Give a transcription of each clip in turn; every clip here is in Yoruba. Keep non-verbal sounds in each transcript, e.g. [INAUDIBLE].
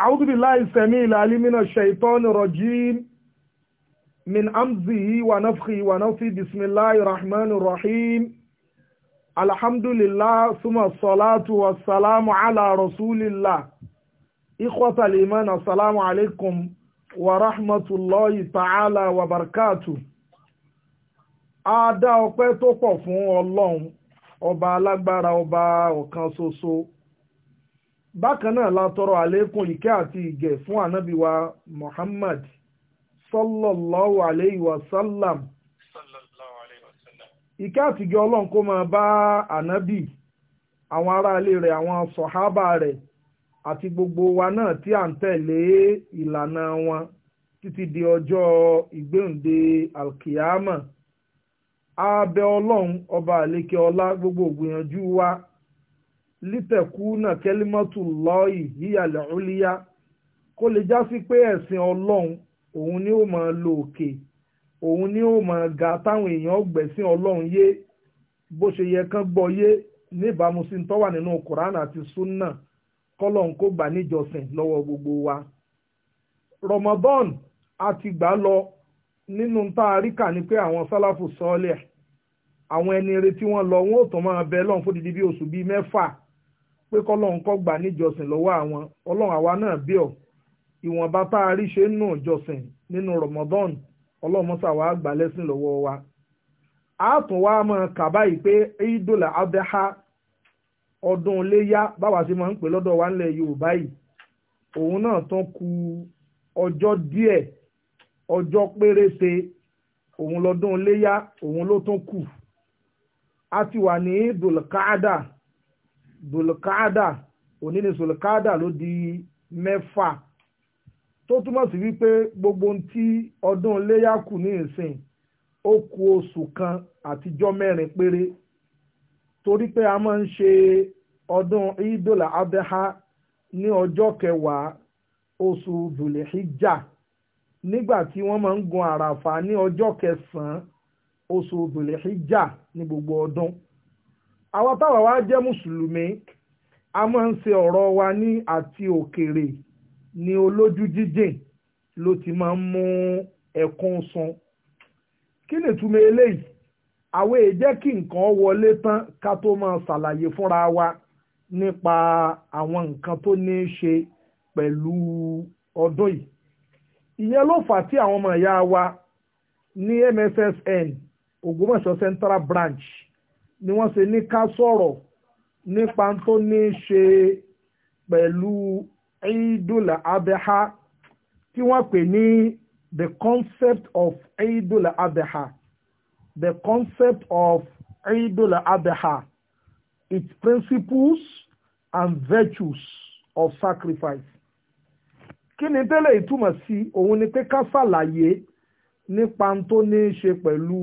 أعوذ بالله السميع العليم من الشيطان الرجيم من أمزه ونفخه ونفخه بسم الله الرحمن الرحيم الحمد لله ثم الصلاة والسلام على رسول الله إخوة الإيمان السلام عليكم ورحمة الله تعالى وبركاته a dá ọpẹ́ tó pọ̀ fún ọlọ́run ọba alágbára bákan náà la tọrọ àlékún ìkẹ́ àti ìgẹ̀ fún ànábì wa Muhammad sallallahu alayhi wa sallam ìkẹ́ àti ìgẹ̀ ọlọ́run kó máa bá ànábì àwọn aráalé rẹ̀ àwọn sọ̀hábà rẹ̀ àti gbogbo wa náà tí à ń tẹ̀lé ìlànà wọn títí di ọjọ́ ìgbéǹde alkiyama a ọba àlékè ọlá gbogbo ògbìyànjú wa lítẹ̀kúnà kẹ́límọ́tù lọ́ọ̀yì yíyàlẹ̀ ọ̀líyá kó lè já sí pé ẹ̀sìn ọlọ́run òun ni ó máa lo òkè òun ni ó máa ga táwọn èèyàn gbẹ̀sìn ọlọ́run yé bó ṣe yẹ kán gbọ́ yé níbàámu sí tó wà nínú kùránà àti súnà kọ́lọ́n kó gbà níjọsìn lọ́wọ́ gbogbo wa. Ramadan a ti gbà lọ nínú tá a rí kà ní pé àwọn sálàfù sọ́ọ́lẹ̀ àwọn ẹni retí wọn lọ wọn ò tán máa bẹ lọ́n fódìdí bí oṣù bíi mẹ́fà pé kọ́lọ́hún kọ́ gbà níjọsìn lọ́wọ́ àwọn ọlọ́run àwa náà bí ọ ìwọ̀nba tá a rí ṣe nù jọsìn nínú Ramadan ọlọ́run mọ́sá wa gbà lẹ́sìn lọ́wọ́ wa a tún wá máa kà báyìí pé Eidul Adha ọdún iléyá báwa ṣe máa ń pè lọ́dọ̀ wa ńlẹ̀ Yorùbá yìí òun náà tán ku ọjọ́ díẹ̀ ọjọ́ péréte òun lọ́dún iléyá òun ló tún kù a ti wà ní Dulkaada zulkada òní ni zulkada ló di mẹ́fà tó túmọ̀ sí wípé gbogbo ohun tí ọdún iléyà kù ní ìsìn ó kù oṣù kan àtijọ́ mẹ́rin péré torí pé a máa ń ṣe ọdún idola abeha ní ọjọ́ kẹwàá oṣù zulhijjah nígbà tí wọ́n máa ń gun àràfà ní ọjọ́ kẹsàn-án oṣù zulhijjah ní gbogbo ọdún àwọn táwa wá jẹ́ mùsùlùmí a máa ń ṣe ọ̀rọ̀ wa ní àti òkèrè ní olójú jíjìn ló ti máa ń mú ẹ̀kún sun kí ni ìtumọ̀ eléyìí àwọn èjẹ́ kí nǹkan wọlé tán ká tó máa ṣàlàyé fúnra wa nípa àwọn nǹkan tó ní í ṣe pẹ̀lú ọdún yìí ìyẹn ló fà tí àwọn ọmọ ìyá wa ní MSSN Ògbómọ̀ṣọ́ Central Branch ni wọ́n ṣe ní ká sọ̀rọ̀ nípa tó ní ṣe pẹ̀lú Eidul Adha tí wọ́n pè ní the concept of Eidul Adha the concept of Eidul Adha its principles and virtues of sacrifice. kí ni tẹ́lẹ̀ ìtumọ̀ sí òun ni pé ká ṣàlàyé nípa tó ní ṣe pẹ̀lú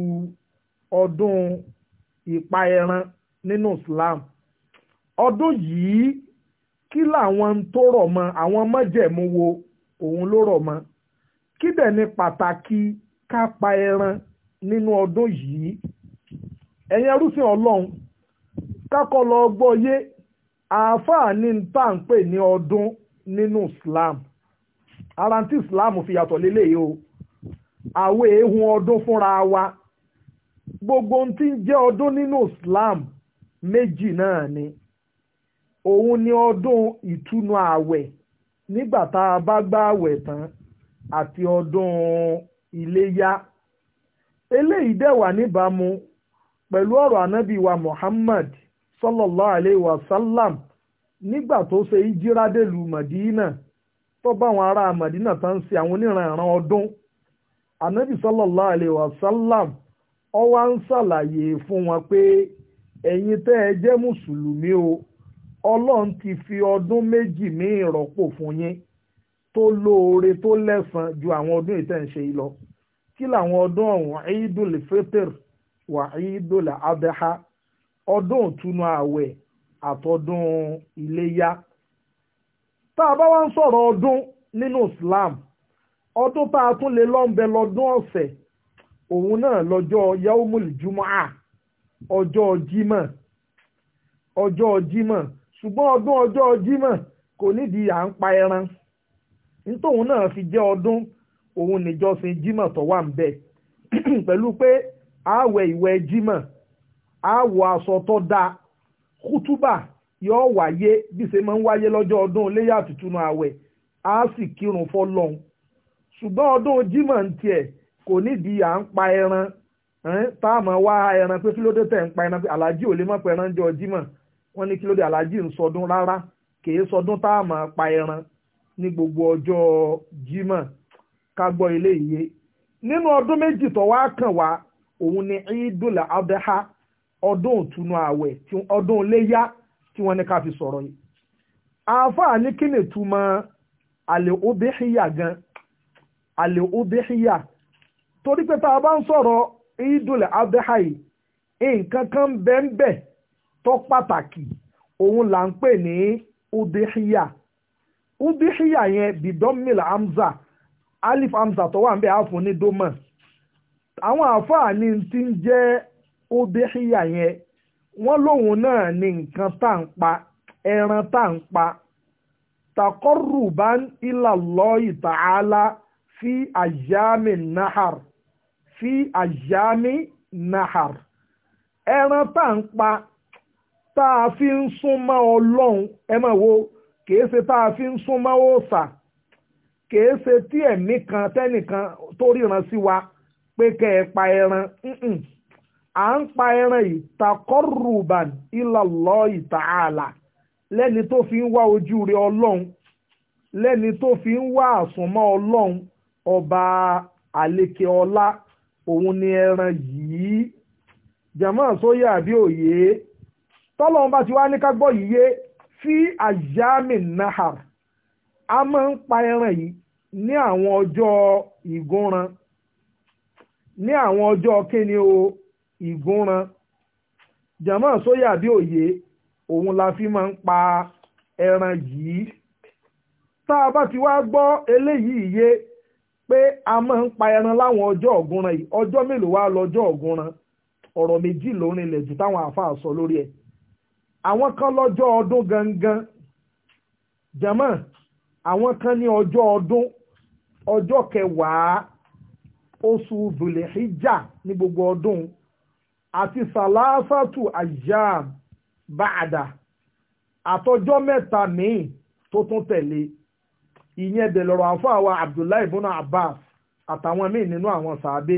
ọdún ipa ẹran nínú Islam ọdún yìí kí làwọn tó rọ̀ mọ́ àwọn mọ́jẹ̀mú wo òun ló rọ̀ mọ́ kí dẹ̀ ni pàtàkì ká ẹran nínú ọdún yìí ẹ̀yin ẹrúsìn ọlọ́run kákọ́ lọ yé àáfàá ní tá à ń ní ọdún nínú Islam ara Islam fi yàtọ̀ lélẹ́yìí o èèhùn ọdún fúnra wa gbogbo ohun tí ń jẹ́ ọdún nínú Islam méjì náà ni òun ni ọdún ìtúnu ààwẹ̀ nígbà tá a bá gbá ààwẹ̀ tán àti ọdún iléyá eléyìí dẹ̀ wà níbàámu pẹ̀lú ọ̀rọ̀ ànábì wa Muhammad sallallahu alayhi wa sallam nígbà tó ṣe ìjíradèlú Madina tó bá àwọn ará Madina tán ṣe àwọn oníranran ọdún ànábì sallallahu alayhi wa sallam ó wá ń ṣàlàyé fún wọn pé ẹ̀yin tẹ́ ẹ jẹ́ mùsùlùmí o ọlọ́run ti fi ọdún méjì míì rọ́pò fún yín tó lóore tó lẹ́san ju àwọn ọdún ìtẹ̀ ń ṣe lọ kí làwọn ọdún ọ̀hún Eidul Fitr wà Eidul Adha ọdún ìtúnu ààwẹ̀ àtọdún iléyá tá a bá wá ń sọ̀rọ̀ ọdún nínú Islam ọdún tá a tún lè lọ́nbẹ lọ́dún ọ̀sẹ̀ òun náà lọ́jọ́ yaumul jumu'a ọjọ́ jímọ̀ ọjọ́ jímọ̀ ṣùgbọ́n ọdún ọjọ́ jímọ̀ kò nídìí à ń pa ẹran nítòun náà fi jẹ́ ọdún òun níjọsìn jímọ̀ tó wà ń bẹ̀ [CLEARS THROAT] pẹ̀lú pé àwẹ̀ ìwẹ̀ jímọ̀ àwọ̀ aṣọ tó dáa kútúbà yóò wáyé bí ṣe máa ń wáyé lọ́jọ́ ọdún tuntun àwẹ̀ sì kírun ṣùgbọ́n ọdún ń tiẹ̀ kò nídìí à ń pa ẹran táàmù wá ẹran pé kí ló dé tẹ̀ ń pa ẹran pé aláàjì ò lè mọ̀ pẹ̀ran jọ jímọ̀ wọ́n ní kí ló dé aláàjì ń sọdún rárá kì í sọdún táàmù pa ẹran ní gbogbo ọjọ́ jímọ̀ ká gbọ́ ilé ìyé nínú ọdún méjì tó wá kàn wá òun ni Eidul Adha ọdún ìtúnu ààwẹ̀ ọdún iléyá tí wọ́n ní ká fi sọ̀rọ̀ yìí àáfàá ní kí ni túmọ̀ àlè obìnrin yà gan àlè obìnrin yà torí pé tá a bá ń sọ̀rọ̀ idul adhai nǹkan kan bẹ́ẹ̀ tó pàtàkì òun là ń pè ní udihiya udihiya yẹn bidomil hamza alif hamza tó wà ń bẹ àfún ní doma àwọn àáfàá ni ti ń jẹ́ udihiya yẹn wọ́n lóun náà ni nǹkan tá ń pa ẹran tá ń pa takọ́rùbá ìlàlọ́ ìtàhálà fi àyàmì nahar fi àyámi nahar ẹran tá à ń pa tá a fi ń súnmọ́ ọlọ́run ẹ mọ̀ wo kìí ṣe tá a fi ń súnmọ́ òòṣà kìí ṣe tí ẹ̀mí kan tẹ́nìkan tó ríran sí wa pé kẹ́ ẹ pa ẹran à ń pa ẹran yìí takọ́rùbàn ilallahi ta'ala lẹ́ni tó fi ń wá ojú rẹ ọlọ́run lẹ́ni tó fi ń wá àsùnmọ́ ọlọ́run ọba àlekè ọlá òun ni ẹran yìí jàmọ́ sóyè àbí òye tọ́lọ́run bá ti wá ní ká gbọ́ yìí yé fi àyàmì náà, a máa ń pa ẹran yìí ní àwọn ọjọ́ ìgúnran ní àwọn ọjọ́ kíni o ìgúnran jàmọ́ sóyè àbí òye òun la fi máa ń pa ẹran yìí tá a bá ti wá gbọ́ eléyìí yé pé a máa ń pa ẹran láwọn ọjọ́ ọ̀gúnran yìí ọjọ́ mélòó wá lọ́jọ́ ọ̀gúnran ọ̀rọ̀ méjì ló rinlẹ̀ jù táwọn àáfàá sọ lórí ẹ̀ àwọn kan lọ́jọ́ ọdún gangan àwọn kan ní ọjọ́ ọdún ọjọ́ kẹwàá oṣù zulhijja ní gbogbo ọdún àti sàlásàtù míì ìyẹn dẹ̀ lọ́rọ̀ àwa abdullahi ibùnà abbas àtàwọn míì nínú àwọn sàábé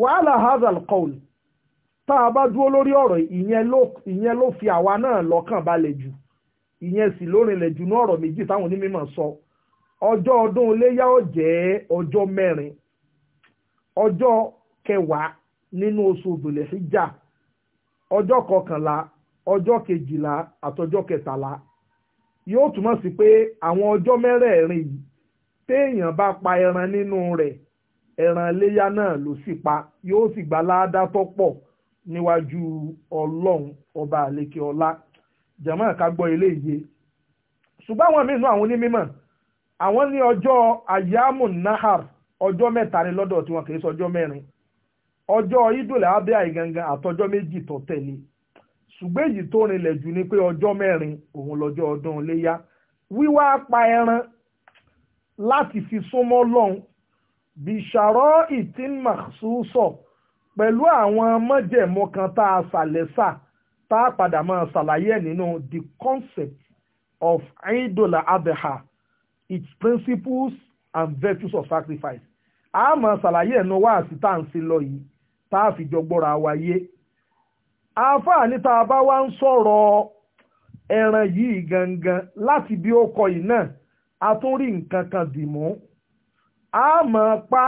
wàhálà hazal kọ́ọ̀lù tá a bá dúró lórí ọ̀rọ̀ ìyẹn ló fi àwa náà lọ balẹ̀ jù ìyẹn sì lórinlẹ̀ jù ní ọ̀rọ̀ méjì táwọn onímọ̀ sọ ọjọ́ ọdún iléyà ọjọ́ mẹ́rin ọjọ́ kẹwàá nínú oṣù ọjọ́ kọkànlá ọjọ́ kejìlá àtọjọ́ yóò túmọ̀ sí pé àwọn ọjọ́ mẹ́rẹ̀ẹ̀rin téèyàn bá pa ẹran nínú rẹ̀ ẹran iléyà náà ló sì pa yóò sì gba láàdá pọ̀ níwájú ọlọ́run ọba àlekè ọlá gbọ́ eléyìí ṣùgbọ́n àwọn àwọn onímọ̀ àwọn ayamu nahar ọjọ́ mẹ́ta ni lọ́dọ̀ tí kì í sọ ọjọ́ mẹ́rin ọjọ́ idul abẹ́ àìgangan àtọjọ́ ṣùgbọ́n èyí tó rinlẹ̀ jù ni pé ọjọ́ mẹ́rin òun lọ́jọ́ ọdún iléyá wíwá pa ẹran láti fi súnmọ́ lọ́hùn bìṣàrọ́ ìtìmọ̀sùsọ̀ pẹ̀lú àwọn mọ́jẹ̀mọ́ kan tá a ṣàlẹ́sà tá a padà máa ṣàlàyé nínú the concept of idola abeha its principles and virtues of sacrifice a máa ṣàlàyé ẹ̀ nu tá à ń ṣe lọ yìí tá a fi jọ gbọ́ra wa àáfàá níta bá wá ń sọ̀rọ̀ ẹran yìí gangan lati bi ó kọ yìí náà a tún kan a máa pa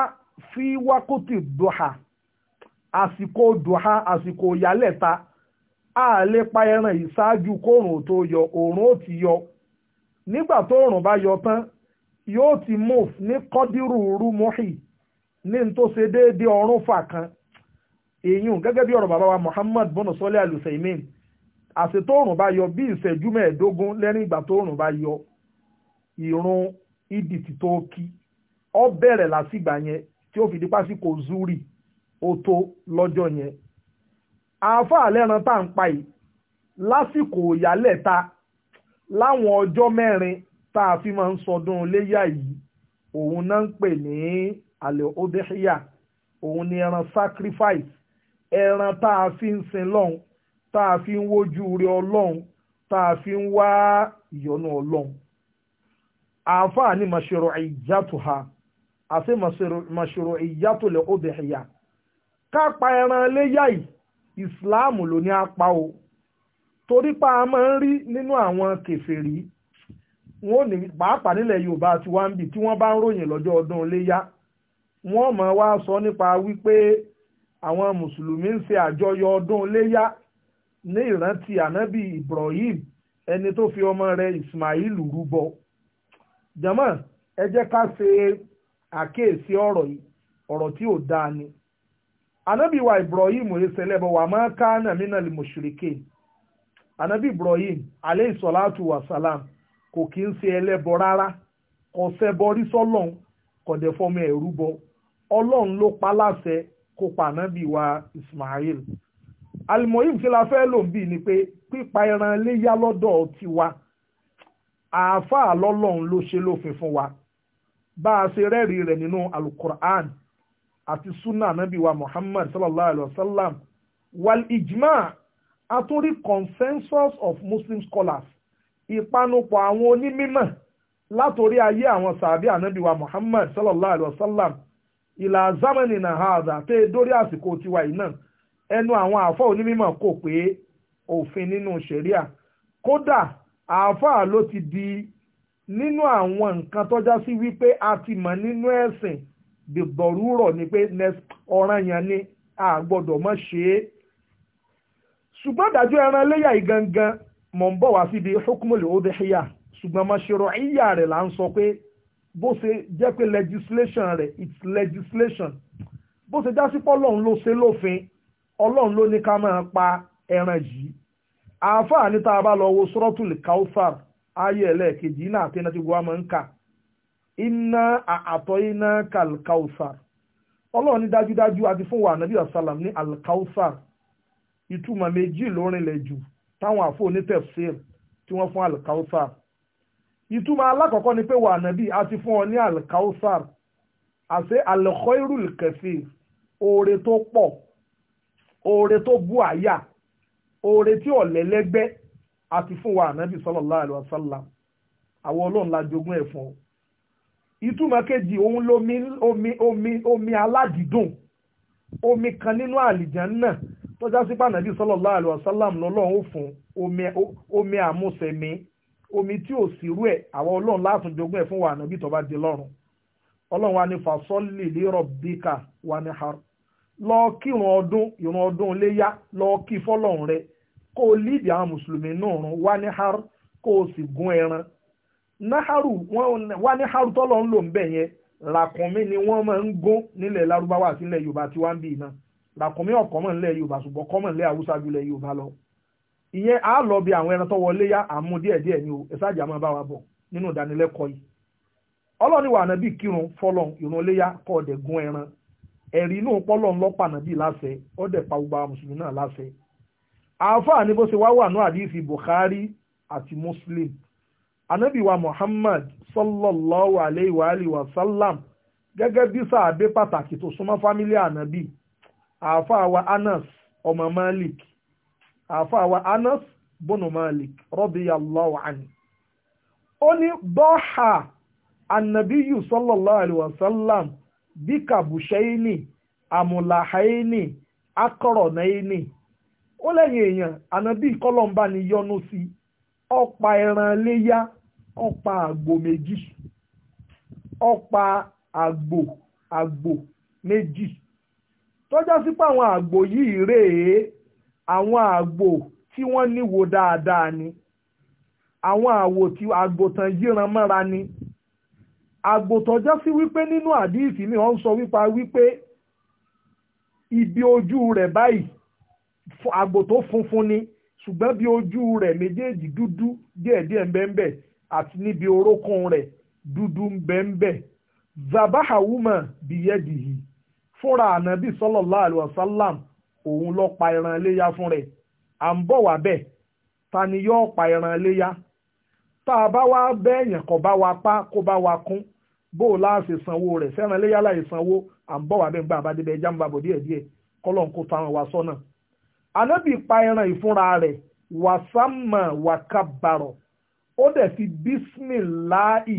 fi wákòtì duha asiko duha asiko yaleta a le pa ẹran yìí ṣáájú orun to yọ orun o ti yọ nigba tó òòrùn bá yọ tán yóò ti move ní kọ́dírù rúmọ́hì ní n tó ṣe déédéé ọrùn fà kan èyún gẹ́gẹ́ bí ọ̀rọ̀ bàbá wa Muhammad bọ́nà sọ́lẹ̀ alùsẹ̀mìn àti tóòrùn bá yọ bí ìṣẹ́jú mẹ́ẹ̀ẹ́dógún lẹ́yìn ìgbà tóòrùn bá yọ ìrun ìdì tí tó kí ọ bẹ̀rẹ̀ lásìgbà yẹn tí ó fi di pásíkò zuri ó tó lọ́jọ́ yẹn àáfàá lẹ́ran tá à pa yìí lásìkò ìyálẹ̀ta láwọn ọjọ́ mẹ́rin tá a fi máa ń sọdún léyà yìí òun náà ń pè ní àlè odehia òun ni ẹran sacrifice ẹran tá a fi ń sin lọ́hùn tá a fi ń wojú rẹ ọlọ́hùn tá a fi ń wá ìyọ́nú ọlọ́hùn àáfàá ni màṣẹ̀rọ̀ ìjàtò ha àti màṣẹ̀rọ̀ ìjàtò lè ó bẹ̀ ẹ̀yà ká pa ẹran léyà yìí ìsìláàmù ló ní apá o torí pa a máa ń rí nínú àwọn kèfèrí wọn ò ní pàápàá nílẹ̀ Yorùbá àti wambi tí wọ́n bá ń ròyìn lọ́jọ́ ọdún léyà wọ́n máa wá sọ nípa wípé àwọn mùsùlùmí ń ṣe àjọyọ̀ ọdún léyá ní ìrántí ànábì Ibrahim ẹni tó fi ọmọ rẹ̀ Ismail rúbọ jàmọ́ ẹ jẹ́ ká ṣe àkíyèsí ọ̀rọ̀ yìí ọ̀rọ̀ tí ò dáa ni ànábì wa Ibrahim eselebo wa máa ká nàmínà lè mùṣìríkè ànábì Ibrahim aleyhi salatu wa salam kò kí ń ṣe ẹlẹ́bọ rárá kò ṣẹbọ rí sọ́lọ́n kò dẹ̀ fọmọ ẹ̀rú bọ ọlọ́run ló pa láṣẹ kó pa ànábì wa Ismail alimoyim kí la fẹ́ lò ń bì ni pé pípa ẹran léyà lọ́dọ̀ tiwa àáfàá lọ́lọ́run ló ṣe lófin fún wa bá a ṣe rẹ́rìí rẹ̀ nínú alukur'an àti sunna anabi wa muhammad sallallahu alaihi wa sallam wal ijma àtúrí consensus of muslim scholars ìpanupọ̀ àwọn onímímọ̀ látòrí ayé àwọn sàbí anabi wa muhammad sallallahu alaihi wa sallam ìlà zamani na haza pé dórí àsìkò tiwa yìí náà ẹnu àwọn àáfà onímọ̀ kò pé òfin nínú ṣẹ̀ríà kódà a ló ti di nínú àwọn nǹkan tọ́já sí wípé a ti mọ̀ nínú ẹ̀sìn dìbọ̀rúrọ̀ ni pé ọ̀ranyàn ni a gbọ́dọ̀ mọ̀ ṣe é ṣùgbọ́n ẹran yìí gangan mọ̀ ń bọ̀ wá síbi ṣùgbọ́n mọ̀ rẹ̀ bó ṣe jẹ́ pé legislation rẹ̀ it's legislation bó ṣe já sí pé ọlọ́run ló ṣe lófin ọlọ́run ló ní ká máa pa ẹran yìí àáfàá ní tá a bá lọ wo sọ́rọ́tùlì Kauthar ayé ẹlẹ́ẹ̀kejì iná àti iná tí gbogbo wa máa ń kà iná àtọ́ iná kalkauthar ọlọ́run ní dájúdájú àti fún wa nàbí asalam ní alkauthar ìtumọ̀ méjì ló rinlẹ̀ jù táwọn àfọ onítẹ̀fsir tí wọ́n fún alkauthar ìtumọ̀ alákọ̀ọ́kọ́ ni pé wà nàbí a ti fún ọ ní alkausar àṣẹ alkhoirul kẹfì oore tó pọ̀ oore tó bú àyà oore tí ọ̀lẹ́lẹ́gbẹ́ a ti fún wa nàbí sallallahu alaihi wasallam àwọn ọlọ́run la jogún ẹ̀ fún ọ ìtumọ̀ kejì òun lomi omi omi omi aládìídùn omi kan nínú àlìjánná tó já sí pànàbí sallallahu alaihi wasallam lọ́lọ́run ó fún omi àmúṣẹmí omi tí ò sí rú ẹ̀ àwọn ọlọ́run láàtún jogún ẹ̀ fún wa ànábì tó bá di lọ́run ọlọ́run wa ní fasọ́lì lérò bíkà wa ní har lọ kí ìrun ọdún ìrun ọdún léyá lọ kí fọ́lọ́run rẹ kó o lídìí àwọn mùsùlùmí náà wa ní har kó o sì gún ẹran náhàrù wa ní haru tọ́lọ̀ ń lò ń bẹ̀ yẹn làkùnmí ni wọ́n máa ń gún nílẹ̀ lárúbáwá àti ilẹ̀ yorùbá tí wọ́n ń bì náà làkùnmí ọ̀kọ́ mọ̀ nílẹ̀ yorùbá ṣùgbọ́n kọ́ mọ̀ nílẹ̀ haúsá ju ilẹ̀ yorùbá lọ ìyẹn a lọ bí àwọn ẹran tó wọlé yá àmú díẹ̀ díẹ̀ ni o ẹ̀sáàjì àmọ́ bá wa bọ̀ nínú ìdánilẹ́kọ̀ọ́ yìí ọlọ́ni wà nàbí kírun fọlọ́n ìrun léyà kọ́ ọ̀dẹ̀ gun ẹran ẹ̀rí inú pọ́lọ́n lọ́pàá nàbí láṣẹ ọ̀dẹ̀ pa gbogbo àwọn mùsùlùmí náà láṣẹ. àáfàá ni bó ṣe wá wà ní àdìsí Bukhari àti Muslim anabi wa Muhammad sallallahu alayhi wa alayhi wa sallam gẹ́gẹ́ bí sàábé pàtàkì tó súnmọ́ fámílì anabi àáfàá wa Anas ọmọ Malik afọ awa Arnọst buonamalik rọdịa lọụani o ni bọ ha annabi yụ sọlọlọ ala wasan lam dịka bụ sheini amụlahaini akọrọ na ịni o lẹghị eyan annabi kọlọmba ni yọnụ si ọpa ịranleya ọpa agbo meji ọpa agbo agbo meji to jasipawon agbo yiri àwọn àgbò tí wọ́n níwò dáadáa ni àwọn àwò tí àgbòtàn yíran mọ́ra ni àgbòtàn já sí wípé nínú àdíìsì mi wọ́n sọ wípé ibi ojú rẹ̀ báyìí àgbò funfun ni ṣùgbọ́n bí ojú rẹ̀ méjèèjì dúdú díẹ̀díẹ̀ ńbẹ́ńbẹ́ àti níbi orókùn rẹ̀ dúdú fúnra ànábì òun lọ pa ẹran iléyá fún rẹ̀ à ń bọ̀ wá bẹ́ẹ̀ ta ni yóò pa ẹran iléyá tá a bá wá bẹ́ẹ̀yàn kó bá wa pa kó bá wa kún bó o láàṣẹ sanwó rẹ̀ sẹ́ran iléyá láì sanwó à ń bọ̀ wá bẹ́ẹ̀ ń gbà bá débẹ̀ ẹja ń babò díẹ̀díẹ̀ kọ́lọ̀ ń kó táwọn wa sọ́nà anábì pa ẹran ìfúnra rẹ̀ wàsámà wàkàbàrọ̀ ó dẹ̀ fi bísmìláì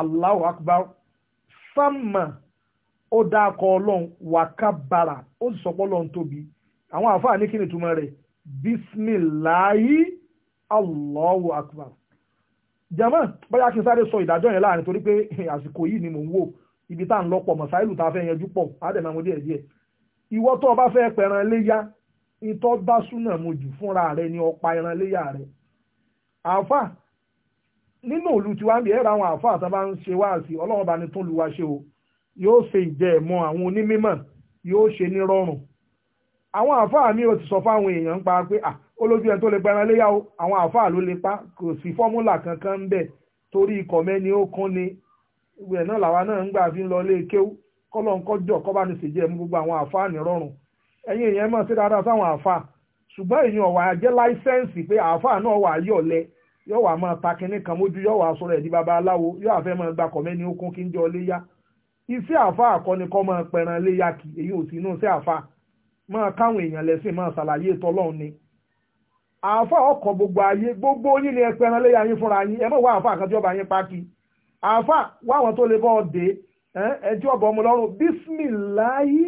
Allahu akbar sámà ó dákọ̀ ọlọ́run wàkàbàrà ó sì sọpọ́ ọlọ́run tóbi àwọn àfáà ní kí ni túmọ̀ rẹ̀ bisimilayi allahu akbar jama bóyá kí n sáré sọ ìdájọ́ yẹn láàrin torí pé eh, àsìkò yìí ni mò ń wò ibi tá à ń lọ pọ̀ mọ̀sáìlù tá a fẹ́ yanjú pọ̀ àdèmọ̀ àwọn díẹ̀ díẹ̀ ìwọ tó o bá fẹ́ pẹ̀ràn léyà ìtọ́ bá súnà mo jù fúnra rẹ ni ọ̀pá ẹran léyà rẹ àáfàá nínú òlu tí wàá ń bí ẹ̀rọ àwọn àáfàá tó ń ṣe wá sí ọlọ́run bá ní tún lu wa ṣe o yóò ṣe ìjẹ́ ẹ̀mọ́ àwọn onímọ̀ yóò ṣe ní rọrùn àwọn àfáà mi ò ti sọ fáwọn èèyàn pa pé à olójú ẹni tó lè pẹran léyà o àwọn àfáà ló lè pa kò sí fọ́múlà kankan ń bẹ torí ikọ̀ mẹ́ni ó kún ni ìwé náà làwa náà ń gbà fi ń lọ ilé kéwú kọ́lọ̀ ń kọ́jọ́ kọ́ bá ní sèjẹ́ mú gbogbo àwọn àfáà ní rọrùn ẹ̀yin èèyàn mọ̀ sí dáadáa sáwọn àfáà ṣùgbọ́n èèyàn ọ̀wà jẹ́ láísẹ́ǹsì pé àfáà náà wà yọ̀lẹ̀ yóò wà máa ta máa káwọn èèyàn lẹ́sìn máa ṣàlàyé tọ́lọ́run ni àáfà ọkọ̀ gbogbo ayé gbogbo yín ni ẹpẹ ẹran léyà yín fúnra yín ẹ mọ̀ wá àáfà kan tí ọba yín pákí àáfà wá àwọn tó lè bọ́ ọdẹ ẹjọ́ ọba ọmọ lọ́rùn bísímìláyí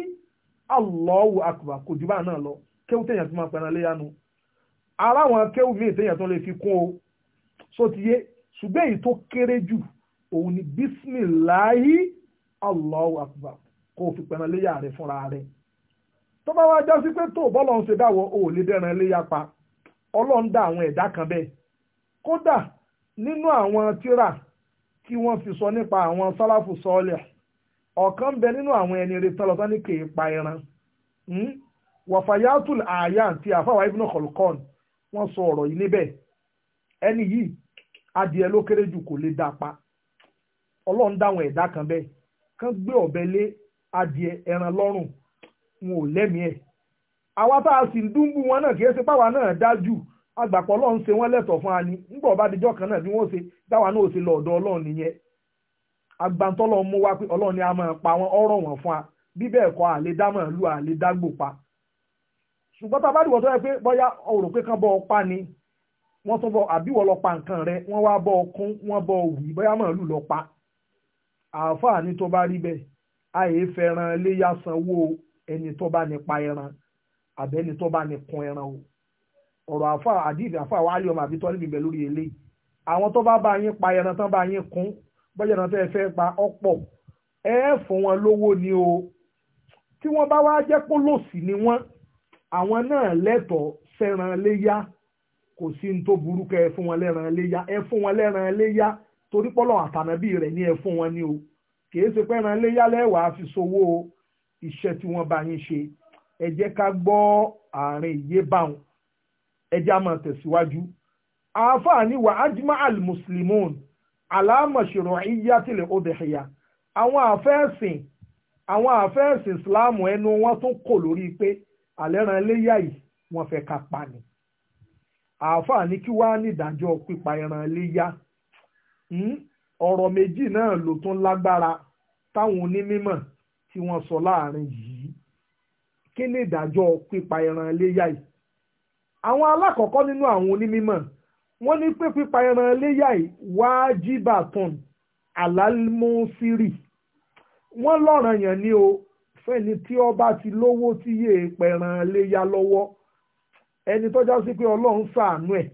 Allahu akbar kò jù bá náà lọ kéwù téèyàn fi máa pẹ̀ràn léyà nu ara àwọn kéwù míì téèyàn tó lè fi kún o sótìyé ṣùgbọ́n èyí tó kéré jù òun ni fi léyà tó bá wá jásí pé tó ṣe dáwọ́ o ò lè dẹ́ran iléyà pa ọlọ́run dá àwọn ẹ̀dá kan bẹ́ẹ̀ kódà nínú àwọn tírà kí wọ́n fi sọ nípa àwọn sálàfù sọ́ọ̀lẹ̀ ọ̀kan bẹ nínú àwọn ẹni rẹ̀ tọ́lọ́tọ́ ní kì í pa ẹran hmm? wàfàyàtùl àyà àti àfàwà ibùnà kọ̀lùkọ́n wọ́n sọ ọ̀rọ̀ wọn ò lẹ́mìí ẹ̀ àwa tá a sì ń dúnbù wọn náà kìí ṣe páwa náà dájú àgbàpọ̀ ọlọ́run ṣe wọ́n lẹ́tọ̀ fún ani nígbà ọba kan náà bí wọ́n ṣe dáwà náà ṣe lọ́ọ̀dọ̀ ọlọ́run nìyẹn agbantọ́lọ́ mú wá pé ọlọ́run ni a máa pa wọn ọ̀rọ̀ wọn fún wa bí bẹ́ẹ̀ kọ́ àlè dámọ̀ àlè a bá dìbò tó yẹ pé ẹni tó bá ní pa ẹran àbẹ́ni tó bá ní kun ẹran o ọ̀rọ̀ àfa àdìbì àfa wàhálì ọmọ àbí tọ́lí bìbẹ̀ lórí eléyìí àwọn tó bá bá yín pa ẹran tán bá yín kun bọ́jà náà tẹ́ fẹ́ pa ọ̀pọ̀ ẹ fún wọn lówó ni o tí wọ́n bá wá jẹ́ kó lòsì ni wọ́n àwọn náà lẹ́tọ̀ọ́ sẹ́ran léyà kò sí ní tó burú kẹ́ ẹ fún wọn lẹ́ran léyà ẹ fún wọn lẹ́ran léyà torí pé Ọlọ́run rẹ̀ ní ẹ fún wọn ni o kì í ṣe pé ẹran léyà lẹ́wàá fi ṣòwò o iṣẹ́ tí wọ́n bá yín ṣe ẹ jẹ́ ká gbọ́ àárín ìyé báwọn ẹ jẹ́ á máa tẹ̀síwájú. àáfàá ni wà á jimá al-muslimun aláàmọ̀ṣẹ̀rọ̀ iyátìlẹ̀ odèhìyà àwọn àfẹ́sìn àwọn àfẹ́sìn islam ẹnu wọn tún kò lórí pé àlẹ́ràn iléyà yìí wọ́n fẹ́ ká pa ni. àáfàá ni kí wàá ní ìdájọ́ pípa ẹran iléyà hmm? ọ̀rọ̀ méjì náà ló tún lágbára táwọn onímọ̀ tí wọ́n sọ láàrin yìí kí ní ìdájọ́ pípa ẹran léyà yìí àwọn alákọ̀ọ́kọ́ nínú àwọn onímọ̀ wọ́n ní pé pípa ẹran léyà yìí wájibàtàn àlálmọ́sírì wọ́n lọ́ranyàn ni o fẹ́ni tí ọ bá ti lówó tí yéé pẹ̀ràn lọ́wọ́ ẹni tọ́já sí pé ọlọ́run ẹ̀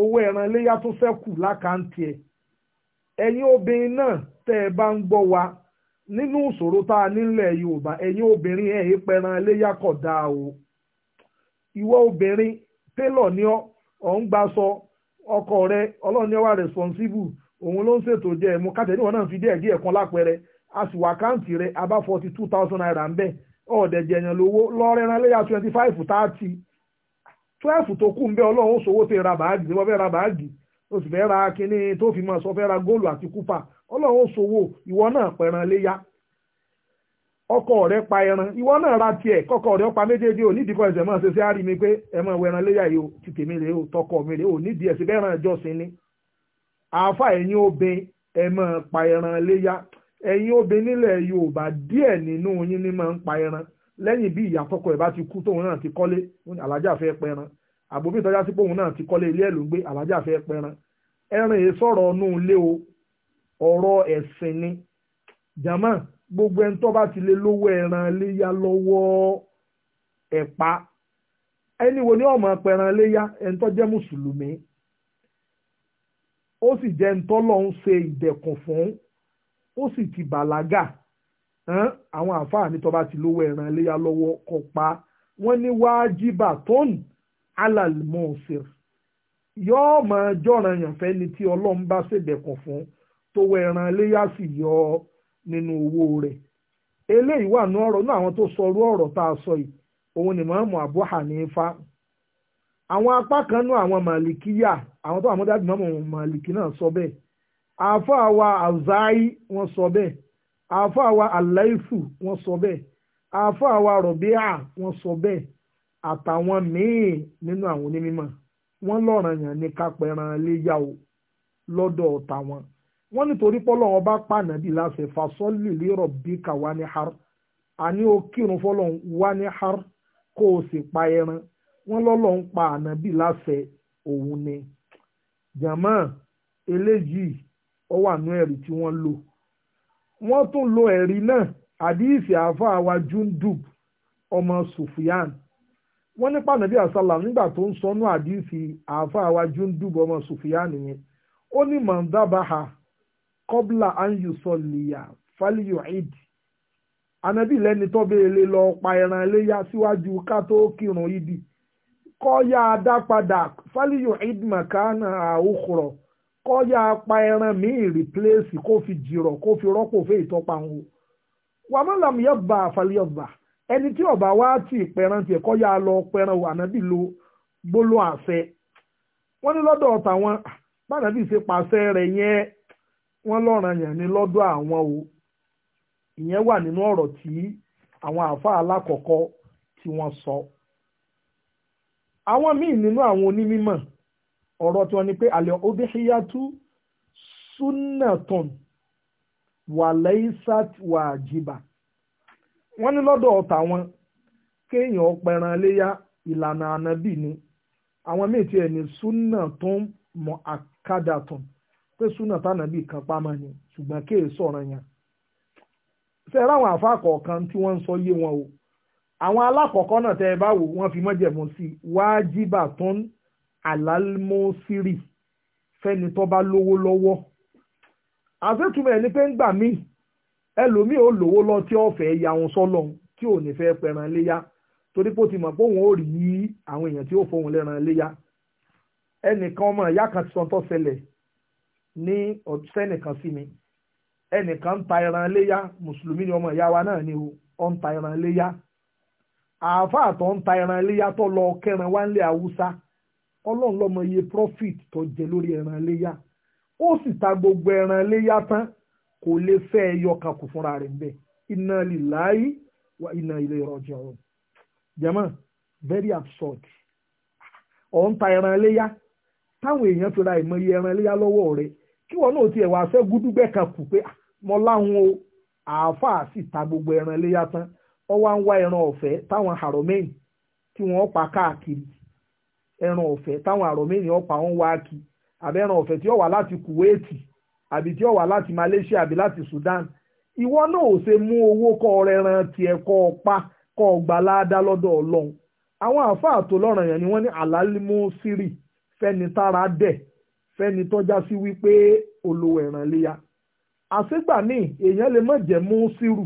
owó ẹran tó fẹ́ kù lákàntì ẹ̀ ẹ̀yin obìnrin náà nínú ìṣòro tá a nílẹ̀ yorùbá ẹ̀yin obìnrin ẹ̀ pẹran iléyà daa o ìwọ obìnrin télọ̀ ni ọ̀ ń gbaṣọ ọkọ rẹ ọlọ́ọ̀ni ọwà òun ló ń ṣètò jẹ ẹ̀mú níwọ̀n náà fi a sì wà káǹtì rẹ abá forty two thousand naira ń bẹ̀ ọ̀ọ́dẹ̀jẹ̀ èèyàn lówó lọ́ọ́rẹ́ rán twenty ń ọlọ́run ra fẹ́ ra ó sì fẹ́ ra kínní tó fi máa sọ fẹ́ ọlọ́run ṣòwò ìwọ náà pẹran léyà ọkọ rẹ pa ẹran ìwọ náà ra tiẹ kọkọ rẹ pa méjèèjì ò nídìí kọ ẹsẹ̀ máa ṣe sí mi pé ẹ máa wọ ẹran léyà yìí o ti tèmi rèé tọkọ mi rèé o nídìí ẹ̀sìn bẹ́ẹ̀ ràn ni àáfà ẹ̀yin obìnrin ẹ pa ẹran léyà obìnrin Yorùbá nínú yín ni pa ẹran bí ìyá tọkọ bá ti ti alájà àbòmí sí pòun náà ti ilé ló ń gbé alájà ẹran ọ̀rọ̀ ẹ̀sìn ni jama gbogbo ẹni tó bá ti lè lówó ẹran léyà lọ́wọ́ ẹ̀pá ẹni wo ni ọmọ apẹran léyà ẹni tó jẹ́ mùsùlùmí ó sì jẹ́ ẹni tó lọ́n ṣe ìdẹ̀kùn fún ó sì ti bàlágà àwọn àǹfààní tó bá ti lówó ẹran léyà lọ́wọ́ kó pa wọ́n ní wájibà tóun alàlmọ́ọ̀sẹ̀ yọ́ọ́ máa jọ̀ràn yàn fẹ́ni tí ọlọ́run bá ṣèdẹ̀kùn fún un tówó ẹran si sì yọ nínú owó rẹ. eléyìí wà ní ọrọ náà àwọn tó sọrú ọrọ tá a sọ yìí òun ni mọ̀ọ́mù Abu Hanifa àwọn apá kan náà àwọn màlìkíyà àwọn tó àmọ́ dájú mọ́mù màlìkí náà sọ bẹ́ẹ̀ àáfàá wa Awza'i wọ́n sọ bẹ́ẹ̀ wa wọ́n sọ bẹ́ẹ̀ wa wọ́n sọ bẹ́ẹ̀ àtàwọn míì nínú àwọn onímọ̀ wọ́n ní kápẹ́ran lọ́dọ̀ wọ́n nítorí pọ́lọ́wọ́ bá pàànà bíi láṣẹ fasọ́lì lérò bí ká wá ní har àní ó kírun fọ́lọ́hún wá ní har kó o sì pa ẹran wọ́n lọ́lọ́ ń pa àná bíi láṣẹ òun ni. jàmọ́ eléyìí ó wà nú ẹ̀rí tí wọ́n lò wọ́n tún lo ẹ̀rí náà àdíìsì àáfàá wa jundub ọmọ sufyan wọ́n ní pànàbí àsálà nígbà tó ń sọnú àdíìsì àáfàá wa jundub ọmọ sufyan yẹn ó ní mọ̀ndábàá kọ́bùlà anyusọ̀lìyà fáliyọ̀ìd anabi lẹ́ni tọ́bẹ̀ẹ́lẹ́ lọ pa ẹran léyà síwájú ká tó kírun ìdí kọ́ yá a dá padà fáliyọ̀ìd màkánà pa ẹran míì rìpléèsì kó fi jìrọ̀ kó fi rọ́pò fẹ́ ìtọ́pa wọn wàmọ́làmù yọ̀bà fáliyọ̀bà ẹni tí ọba wa ti pẹran tiẹ̀ kọ́ yá a lọ pẹran wà anabi lo gbólóhàn àṣẹ wọ́n ní lọ́dọ̀ ọ̀tà wọn bá anabi ṣe pàṣẹ rẹ̀ yẹn wọ́n lọ́ràn yẹn ní lọ́dọ̀ àwọn o ìyẹn wà nínú ọ̀rọ̀ tí àwọn àáfàá alákọ̀ọ́kọ́ tí wọ́n sọ. àwọn míì nínú àwọn onímọ̀ ọ̀rọ̀ tí wọ́n ní pé àlẹ́ obìhíyàtú súnàtàn wàlẹ́ísàt wàjìbà wọ́n ní lọ́dọ̀ ọ̀tà wọn kéèyàn pẹran léyà ìlànà ànábì ni àwọn míì tiẹ̀ ní súnàtàn mọ́ pé súnà tánàbí kan pamọ́ ni ṣùgbọ́n kéè sọ̀rọ̀ yẹn ṣe ráwọn àfáà kọ̀ọ̀kan tí wọ́n ń sọ yé wọn o àwọn alákọ̀ọ́kọ́ náà tẹ́ ẹ bá wò wọ́n fi mọ́jẹ̀mú sí wájibà tó ń àlálmọ́sírì fẹ́ni tó bá lówó lọ́wọ́ àṣetúmọ̀ ẹni pé ń gbà míì ẹlòmíì ò lówó lọ tí ó fẹ́ ya òun sọ́lọ̀ tí ò ní fẹ́ pẹran léyà torí pé ó ti mọ̀ pé òun ò rí àwọn èèyàn tí ó fọhùn lẹ́ran léyà ẹnìkan ọmọ ìyá kan ti sọ tó ṣẹlẹ̀ ní ọ̀sẹ́nìkan sí mi ẹnìkan ń ta ẹran léyà mùsùlùmí ni ọmọ ìyá wa náà ni ó ń ta ẹran léyà àáfàá tó ń ta léyà tó lọ kẹran wá nílẹ̀ haúsá ọlọ́run lọ́mọ iye profit tó jẹ lórí ẹran léyà ó sì ta gbogbo ẹran léyà tán kò lè fẹ́ ẹyọ kan kù fúnra rẹ̀ níbẹ̀ inna jẹ́mọ́ very absurd ọ̀ ń ta léyà táwọn èèyàn fi ra ìmọ̀ iye léyà kí wọn náà tiẹ̀ wá fẹ́ gúdúgbẹ́ kan kù pé ah, mo láwọn ta gbogbo ẹran léyà tán wọ́n wá ń wá ẹran ọ̀fẹ́ táwọn àròmẹ́yìn tí wọ́n pa káàkiri ẹran ọ̀fẹ́ táwọn àròmẹ́yìn ọ̀pá wọn wá kí àbẹ́ran ọ̀fẹ́ tí ó wà láti Kuwaiti àbí tí ó wà Malaysia àbí láti Sudan ìwọ náà ò ṣe mú owó kọ ọrẹran kọ kọ ọgbà láàdá àwọn àáfàá tó ni wọn ní fẹ́ni tọ́já sí wípé olówó ẹ̀ràn léya àṣegbà ní èèyàn lè má jẹ́ mú sírù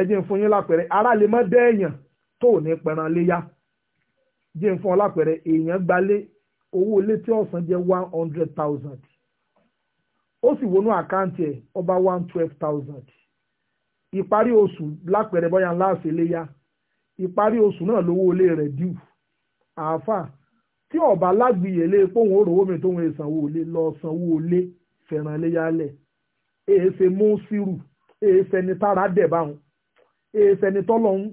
ẹjẹ́ ń fún yín lápẹẹrẹ ara lè má dẹ́ èèyàn tó ní pẹran léya jẹ́ ń fún ọ lápẹẹrẹ èèyàn gbalé owó ilé tí ọ̀sán jẹ́ one hundred thousand ó sì wọnú àkáǹtì ẹ̀ ọba one twelve thousand ìparí oṣù lápẹẹrẹ bọ́yá ńlá àṣẹ léya ìparí oṣù náà lówó ilé rẹ̀ dìú àáfàá tí ọba lágbìyèlé fóun òrówó mi tóun èsànwó olé lọ sanwó olé fẹ̀ràn léyàlẹ̀ èé ṣe mú sírù èé ṣẹni tára dẹ̀ báwọn èé ṣẹni tọ́lọ́hún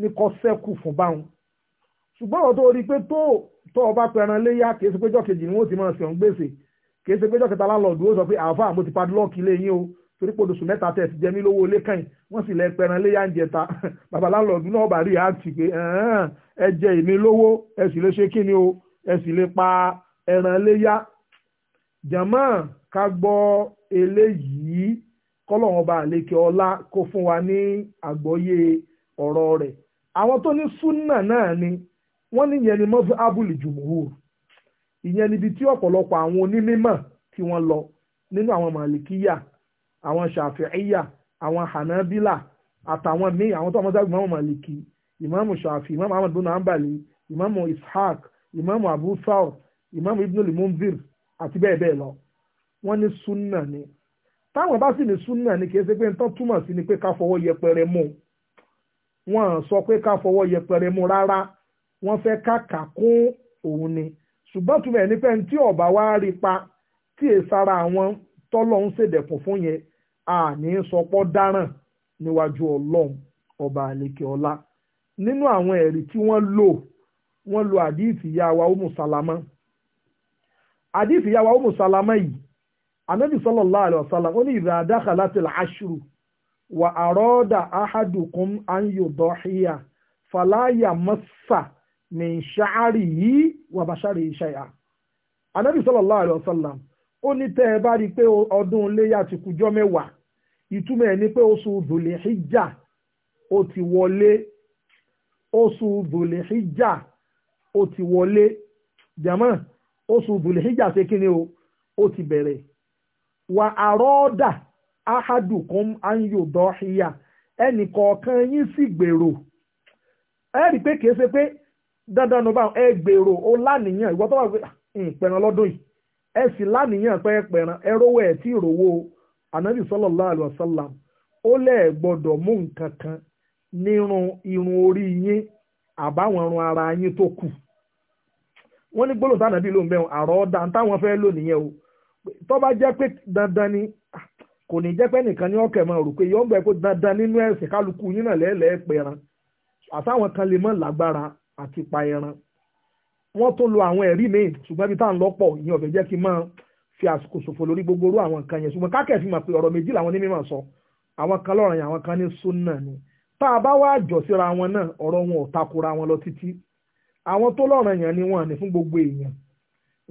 ní kọ́ sẹ́kù fún báwọn ṣùgbọ́n ọ̀tọ́ orí pé tó tó ọba pẹran léyà kìí ṣe péjọ kejì ni wọ́n ti máa ṣe ọ̀hún gbèsè kìí ṣe péjọ kẹta láńlọ́ọ̀dù ó sọ pé àáfà mo ti padlọ́ọ̀kì ilé yín o torí pé oṣù mẹ́ta tẹ̀ ti jẹ mí lówó ilé kàn wọ́n sì lẹ pẹran léyà ń jẹta [LAUGHS] bàbá láńlọ́ọ̀dù náà bá rí àǹtí pé ẹ jẹ èmi lówó ẹ sì lè ṣe kí ni o ẹ lè pa ẹran léyà jàmọ́ ká gbọ́ eléyìí kọ́lọ́run ọba àlékè ọlá kó fún wa ní àgbọ́yé ọ̀rọ̀ rẹ̀ àwọn tó ní súnà náà ni wọ́n ní ìyẹn ni mọ́fí abúlé jùmùhùr ìyẹn níbi tí ọ̀pọ̀lọpọ̀ àwọn onímọ̀ tí wọ́n lọ nínú àwọn màlìkíyà àwọn ṣàfíìyà àwọn hànábílà àtàwọn míì àwọn tó ọmọdé àgbà màlìkí ìmáàmù ṣàfí ìmáàmù ahmed bin ambali ìmáàmù ishaq ìmáàmù abu saur ìmáàmù ibn al-munzir àti bẹ́ẹ̀ bẹ́ẹ̀ lọ wọ́n ní súnà ni táwọn bá sì ní súnà ni kì í ṣe pé nǹkan túmọ̀ sí ni pé ká fọwọ́ yẹpẹrẹ mú wọ́n sọ pé ká fọwọ́ yẹpẹrẹ mú rárá wọ́n fẹ́ kàkà kún òun ni ṣùgbọ́n túmọ̀ ẹ̀ ní pé tí ọ̀bà wá rí pa tí èsàrà àwọn tọ́lọ́ ń ṣèdẹ̀kùn fún yẹn àní sọpọ́ dáràn níwájú ọlọ́run ọba àlekè ọlá nínú àwọn ẹ̀rí tí wọ́n lò wọ́n lo àdíìtì ìyá wa umu salama àdíìtì ìyá wa umu salama yìí anabi sallallahu alayhi wa sallam ó ní idha dakhalatil ashru wa arada ahadukum an yudhiya fala yamassa min sha'rihi wa basharihi shay'an anabi sallallahu alayhi wa ó ní tẹ́ ẹ bá rí i pé ọdún iléyà ti kújọ́ mẹ́wàá ìtumọ̀ ẹ̀ ni pé oṣù dhul hijja ó ti wọlé oṣù dhul hijja ó ti wọlé jàmọ́ oṣù bùlẹ̀híjà ṣe kí ni o ó ti bẹ̀rẹ̀ wà àrọ́ọ̀dà ahadùkún anyodọ́híyà ẹnì kọ̀ọ̀kan yín sì gbèrò ẹ rí i pé kìí ṣe pé dandan ló ẹ gbèrò ó lánìyàn ìwọ tó wà pé ìpẹ̀ràn lọ́dún yìí ẹ sì lánìyàn pé ẹ rówó tí ìrówó anabi sallallahu alaihi wasallam ó mú nǹkan irun orí yín àbáwọn ara yín tó kù wọ́n ní gbólóhùn tánàbí ló ń bẹ̀rù àrọ́ ọ̀dà táwọn fẹ́ lò nìyẹn o tó bá jẹ́ pé dandan ni ah, kò ní jẹ́ pé nìkan ní ọkẹ́ máa rò pé yóò gbẹ pé dandan nínú ẹ̀sìn kálukú yín náà lẹ́ẹ̀lẹ́ẹ̀ pé ẹran àtàwọn kan lè mọ̀ lágbára àti pa ẹran wọ́n tún lo àwọn ẹ̀rí míì ṣùgbọ́n ibi tá à ń lọ́pọ̀ ìyẹn ọ̀fẹ́ jẹ́ kí n máa fi àsìkò ṣòfò lórí gbogbo orú àwọn kan yẹn ṣùgbọ́n kákẹ́ fi mọ̀ pé ọ̀rọ̀ méjì làwọn onímọ̀ sọ àwọn kan lọ́rọ̀ yẹn àwọn kan ní sunna ni tá a bá wá jọ síra wọn náà ọ̀rọ̀ wọn ò takora wọn lọ títí àwọn tó lọ́ràn èèyàn ni wọ́n ní fún gbogbo èèyàn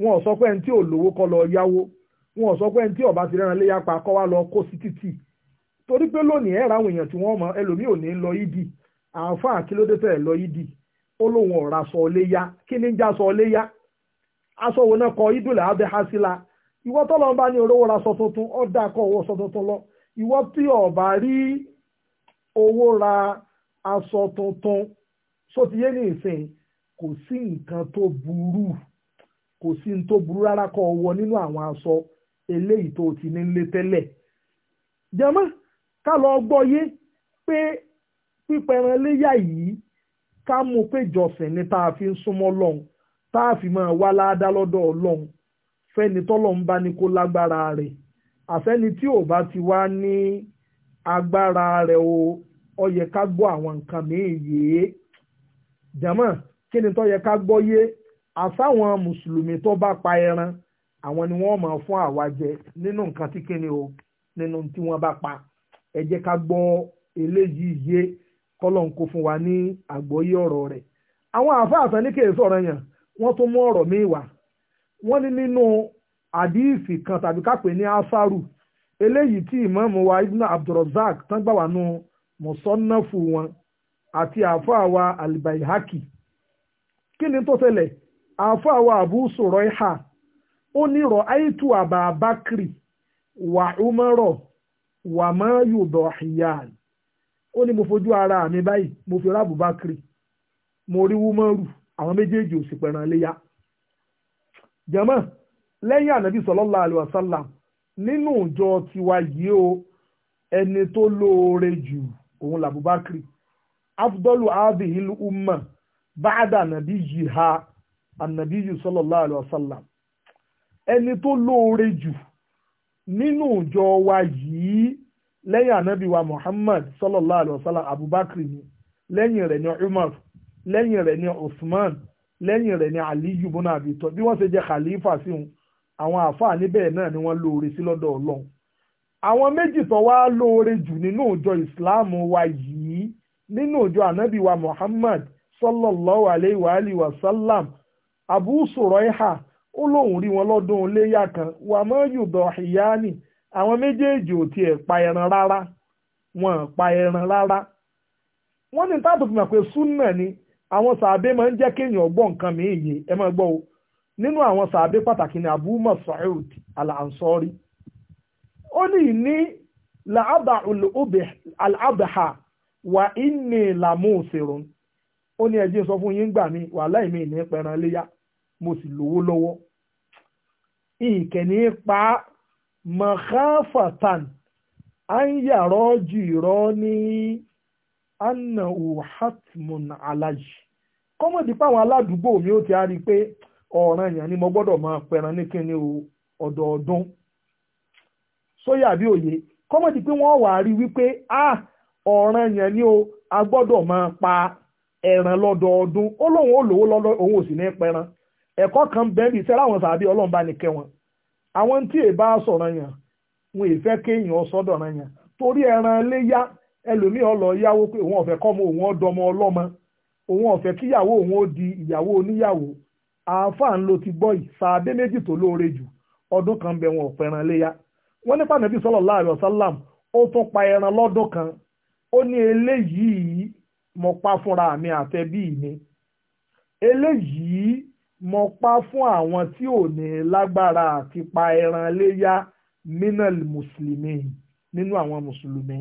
wọn ò sọ pé ẹni tí ò lówó kọ́ lọ yáwó wọn ò sọ pé ẹni tí ọba ti rẹ́ran léyà pa kọ́ wá lọ kó torí pé lónìí ẹ̀rọ àwọn èèyàn tí wọ́n mọ ẹlòmíì ò ní lọ tẹ̀ lọ ó lóun ọ̀rà ra sọ tuntun kọ́ owó sọ tuntun lọ kò sí nǹkan tó burú kò sí nǹkan tó burú rárá kọ́ ọ wọ nínú àwọn aṣọ eléyìí tó ti nílé tẹ́lẹ̀ jẹ́mọ́ ká lọ gbọ́ yé pé pípẹran léyà yìí ká mú péjọsìn ni tá a fi ń súnmọ́ lọ́hùn tá a fi máa wá láadá lọ́dọ̀ ọlọ́hun fẹ́ni tọ́lọ́hun bá ní kó lágbára rẹ̀ àfẹ́ni tí ò bá ti wá ní agbára rẹ̀ o ó yẹ ká gbọ́ àwọn nǹkan mìíràn yìí jẹ́mọ́ kí ni tó yẹ ká gbọ́ yé àsáwọn mùsùlùmí tó bá pa ẹran àwọn ni wọ́n máa fún àwa jẹ nínú nǹkan tí kíni o nínú tí wọ́n bá pa ẹ jẹ́ ká gbọ́ eléyìí yé kọ́lọ́n kó fún wa ní àgbọ́yé ọ̀rọ̀ rẹ̀ àwọn àáfàá tán ní kèé sọ̀rọ̀ yẹn wọ́n tún mú ọ̀rọ̀ míì wá wọ́n ní nínú àdíìsì kan tàbí kápẹ́ ní asaru eléyìí tí ìmáàmù wa ibn abdulrasaq tán gbà wà nù mọ̀sánnáfù wọn àti àáfàá wa alibaihaki kí ni tó ṣẹlẹ̀ àáfà wa Abu Suraiha ó ní rọ àìtú àbá Bakri wà Umarọ wà má yùdọ̀ hiyan ó ní mo fojú ara mi báyìí mo fi rábù Bakri mo rí Umaru àwọn méjèèjì ò sì pẹ̀ràn léyà jẹ́mọ́ lẹ́yìn ànábì sallallahu alaihi wasallam nínú ìjọ tiwa yìí o ẹni tó lóore jù òun làbúbákiri afdọ́lù ábìhìlú umma báàdà nàbí yìí ha ànàbí yìí sallallahu alaihi wasallam ẹni tó lóore jù nínú ìjọ wa yìí lẹ́yìn ànábì wa Muhammad sallallahu alaihi wasallam Abubakar ni lẹ́yìn rẹ̀ ni Umar lẹ́yìn rẹ̀ ni Usman lẹ́yìn rẹ̀ ni Aliyu bọ́nà àbítọ́ bí wọ́n ṣe jẹ́ khalifa sí wọn àwọn àfáà níbẹ̀ náà ni wọ́n lóore sí lọ́dọ̀ Ọlọ́run àwọn méjì tó wá lóore jù nínú ìjọ Islam wa yìí nínú ìjọ ànábì wa Muhammad sallallahu alayhi wa alihi wa sallam abu suraiha ó lóun rí ya lọ́dún iléyà kan wà mọ́ yùdọ̀ ìyáni àwọn méjèèjì ò tiẹ̀ pa ẹran wọn pa ẹran rárá wọ́n fi ni àwọn sàábé máa ń jẹ́ kéèyàn gbọ́ nǹkan mìíràn yìí ẹ máa gbọ́ o nínú àwọn sàábé pàtàkì ni abu masoud al al ó ní ẹjẹ́ sọ fún yín gbà mí wàhálà ìmí ìní pẹran léyà mo sì lówó lọ́wọ́ ìkẹ́ni pa mahafatan anyarọ́ jìrọ́ ní anahu hatmun alaji kọ́mọ̀dé páwọn aládùúgbò mi ó ti á rí i pé ọ̀ràn yẹn ni mo gbọ́dọ̀ máa pẹran ní kíni o ọdọọdún sóyà bí òye kọ́mọ̀dé pé wọ́n wà á rí wípé a ah, ọ̀ràn yẹn ni o a gbọ́dọ̀ máa pa ẹran lọ́dọọdún ó lóun ó lówó lọ́dọ̀ òun ò sì ní ẹ̀kọ́ kan bẹ́ẹ̀ bíi sẹ́rà àwọn sàbí ọlọ́run bá ní kẹ́ wọn àwọn tí èbá sọ̀rọ̀ yàn wọn èfẹ́ kéèyàn sọ́dọ̀ ràn yàn torí ẹran léyà ẹlòmíì ọlọ yáwó pé òun ọ̀fẹ́ kọ́mọ òun ọdọmọ ọlọ́mọ òun ọ̀fẹ́ kíyàwó kan bẹ wọn léyà nípa nàbí pa ẹran kan ó ní eléyìí mo pa fúnra mi àtẹbí mi eléyìí mo pa fún àwọn tí ò ní lágbára àti pa ẹran léyà minal mùsùlùmí nínú àwọn mùsùlùmí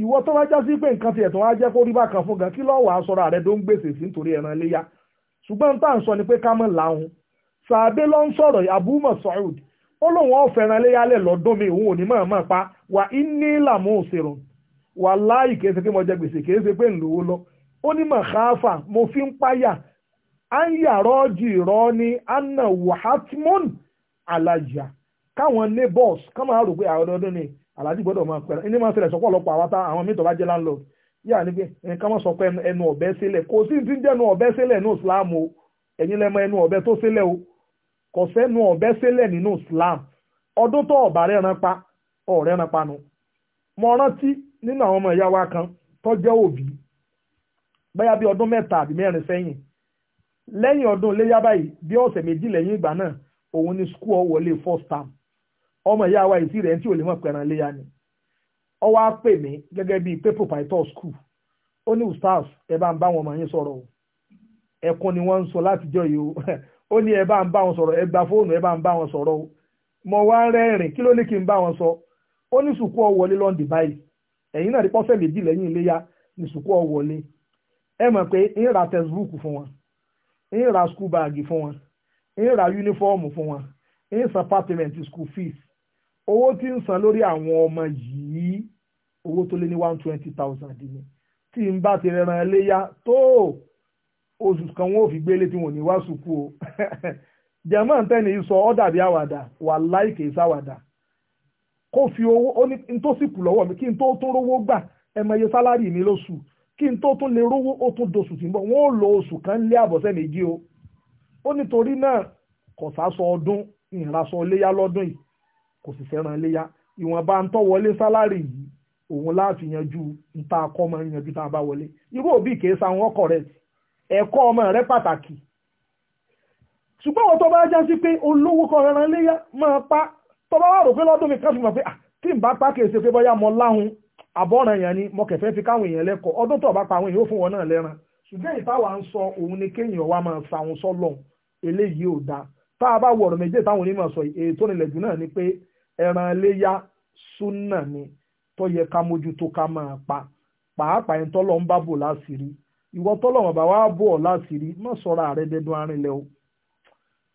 ìwọ tó bá já sí pé nǹkan tiẹ̀ tó wá jẹ́ kó rí bákan fún gan kí lọ́ọ́ wàá sọ̀rọ̀ rẹ tó ń gbèsè sí nítorí ẹran léyà ṣùgbọ́n tá à ń sọ ni pé ká mọ̀ láhùn sàbẹ́ ló ń sọ̀rọ̀ Abu Mas'ud ó lóun ọ̀fẹ́ràn léyà lẹ̀ lọ́dún mi òun ò ní mọ̀ọ́mọ̀ pa wà í ní làmú òṣèrò wàláì kìí ṣe pé mo jẹ gbèsè kìí ṣe pé ń lówó lọ ó ní màkàáfà mo fi ń páyà á ń yàrá ọjì ìrọ ní anna wahatmon alajà káwọn neighbors ká máa rò pé àwọn ọdún ni aláàjì gbọ́dọ̀ máa pẹ̀lú ẹni máa ṣẹlẹ̀ sọ́pọ̀lọpọ̀ àwọn àwọn mìtọ̀ bá jẹ́ landlord yà ni pé ká máa sọ pé ẹnu ọ̀bẹ sílẹ̀ kò sí ti ń jẹ́ ẹnu ọ̀bẹ sílẹ̀ ní Islam o ẹ̀yin lẹ́mọ ẹnu ọ̀bẹ tó sílẹ̀ o kò sẹ́nu ọ̀bẹ sílẹ̀ nínú Islam ọdún tó ọ̀bà rẹ̀ ran pa ọ̀rẹ́ ran pa nu mo rántí nínú àwọn ọmọ ìyá wa kan tó jẹ́ òbí báyà bí ọdún mẹ́ta àbí mẹ́rin sẹ́yìn lẹ́yìn ọdún léyá báyìí bí ọ̀sẹ̀ méjì lẹ́yìn ìgbà náà òun ni skul first term ọmọ ìyá wa rẹ̀ tí ò lè mọ̀ ni ọ wá pè mí gẹ́gẹ́ bíi pépò pàìtọ́ skul ó ní ustaz ẹ bá ń wọn ọmọ yín sọ̀rọ̀ o ni wọ́n ń sọ látijọ́ yìí o [LAUGHS] ó ní ẹ bá ń bá wọn sọ̀rọ̀ ẹ gba fóònù ẹ bá ń bá wọn sọ̀rọ̀ o mo wá rẹ́rìn kí ló ní ẹ̀yin náà rí pọ́sẹ̀ méjì lẹ́yìn iléyà ní sùkú ọ̀wọ́lé ẹ mọ̀ pé ń ra fún wọn ń ra school fún wọn ń ra yúnífọ́ọ̀mù fún wọn ń san apartment school fíìs owó tí ń san lórí àwọn ọmọ yìí owó tó lé ní one twenty ni tí n bá ti rẹran tó oṣù kan wọn ò fi gbélé tí wọn ò ní wá o [LAUGHS] jẹ̀mọ́ sọ ọ́ dàbí kó fi owó ó ní n tó sì mi kí n tó tún rówó gbà sálárì mi lóṣù kí n tó tún lè rówó ó tún doṣù lo oṣù kan lé àbọ̀sẹ́ méjì o ó nítorí náà kò sásọ ọdún ìrìnàṣọ iléyá lọ́dún yìí kò sì fẹ́ràn ìwọ̀nba ń tọ́ wọlé sálárì yìí òun láti yanjú ń ta akọ́ máa ń yanjú tá a sa rẹ ẹ̀kọ́ ọmọ rẹ pàtàkì ṣùgbọ́n bá pé olówó pa tọba bá rò pé lọ́dún mi kan fi mọ̀ pé ah, tí n bá pa kì pé bọ́yá mo àbọ̀ràn èèyàn ni mo kẹ̀fẹ́ fi káwọn èèyàn lẹ́kọ̀ọ́ ọdún tó bá pa àwọn èèyàn fún wọn náà lẹ́ran ṣùgbọ́n ìtawà ń sọ òun ni kéèyàn wa máa fa àwọn sọ́lọ̀ eléyìí ò da tá a bá wọ ọ̀rọ̀ méjì táwọn onímọ̀ sọ náà ni pé ẹran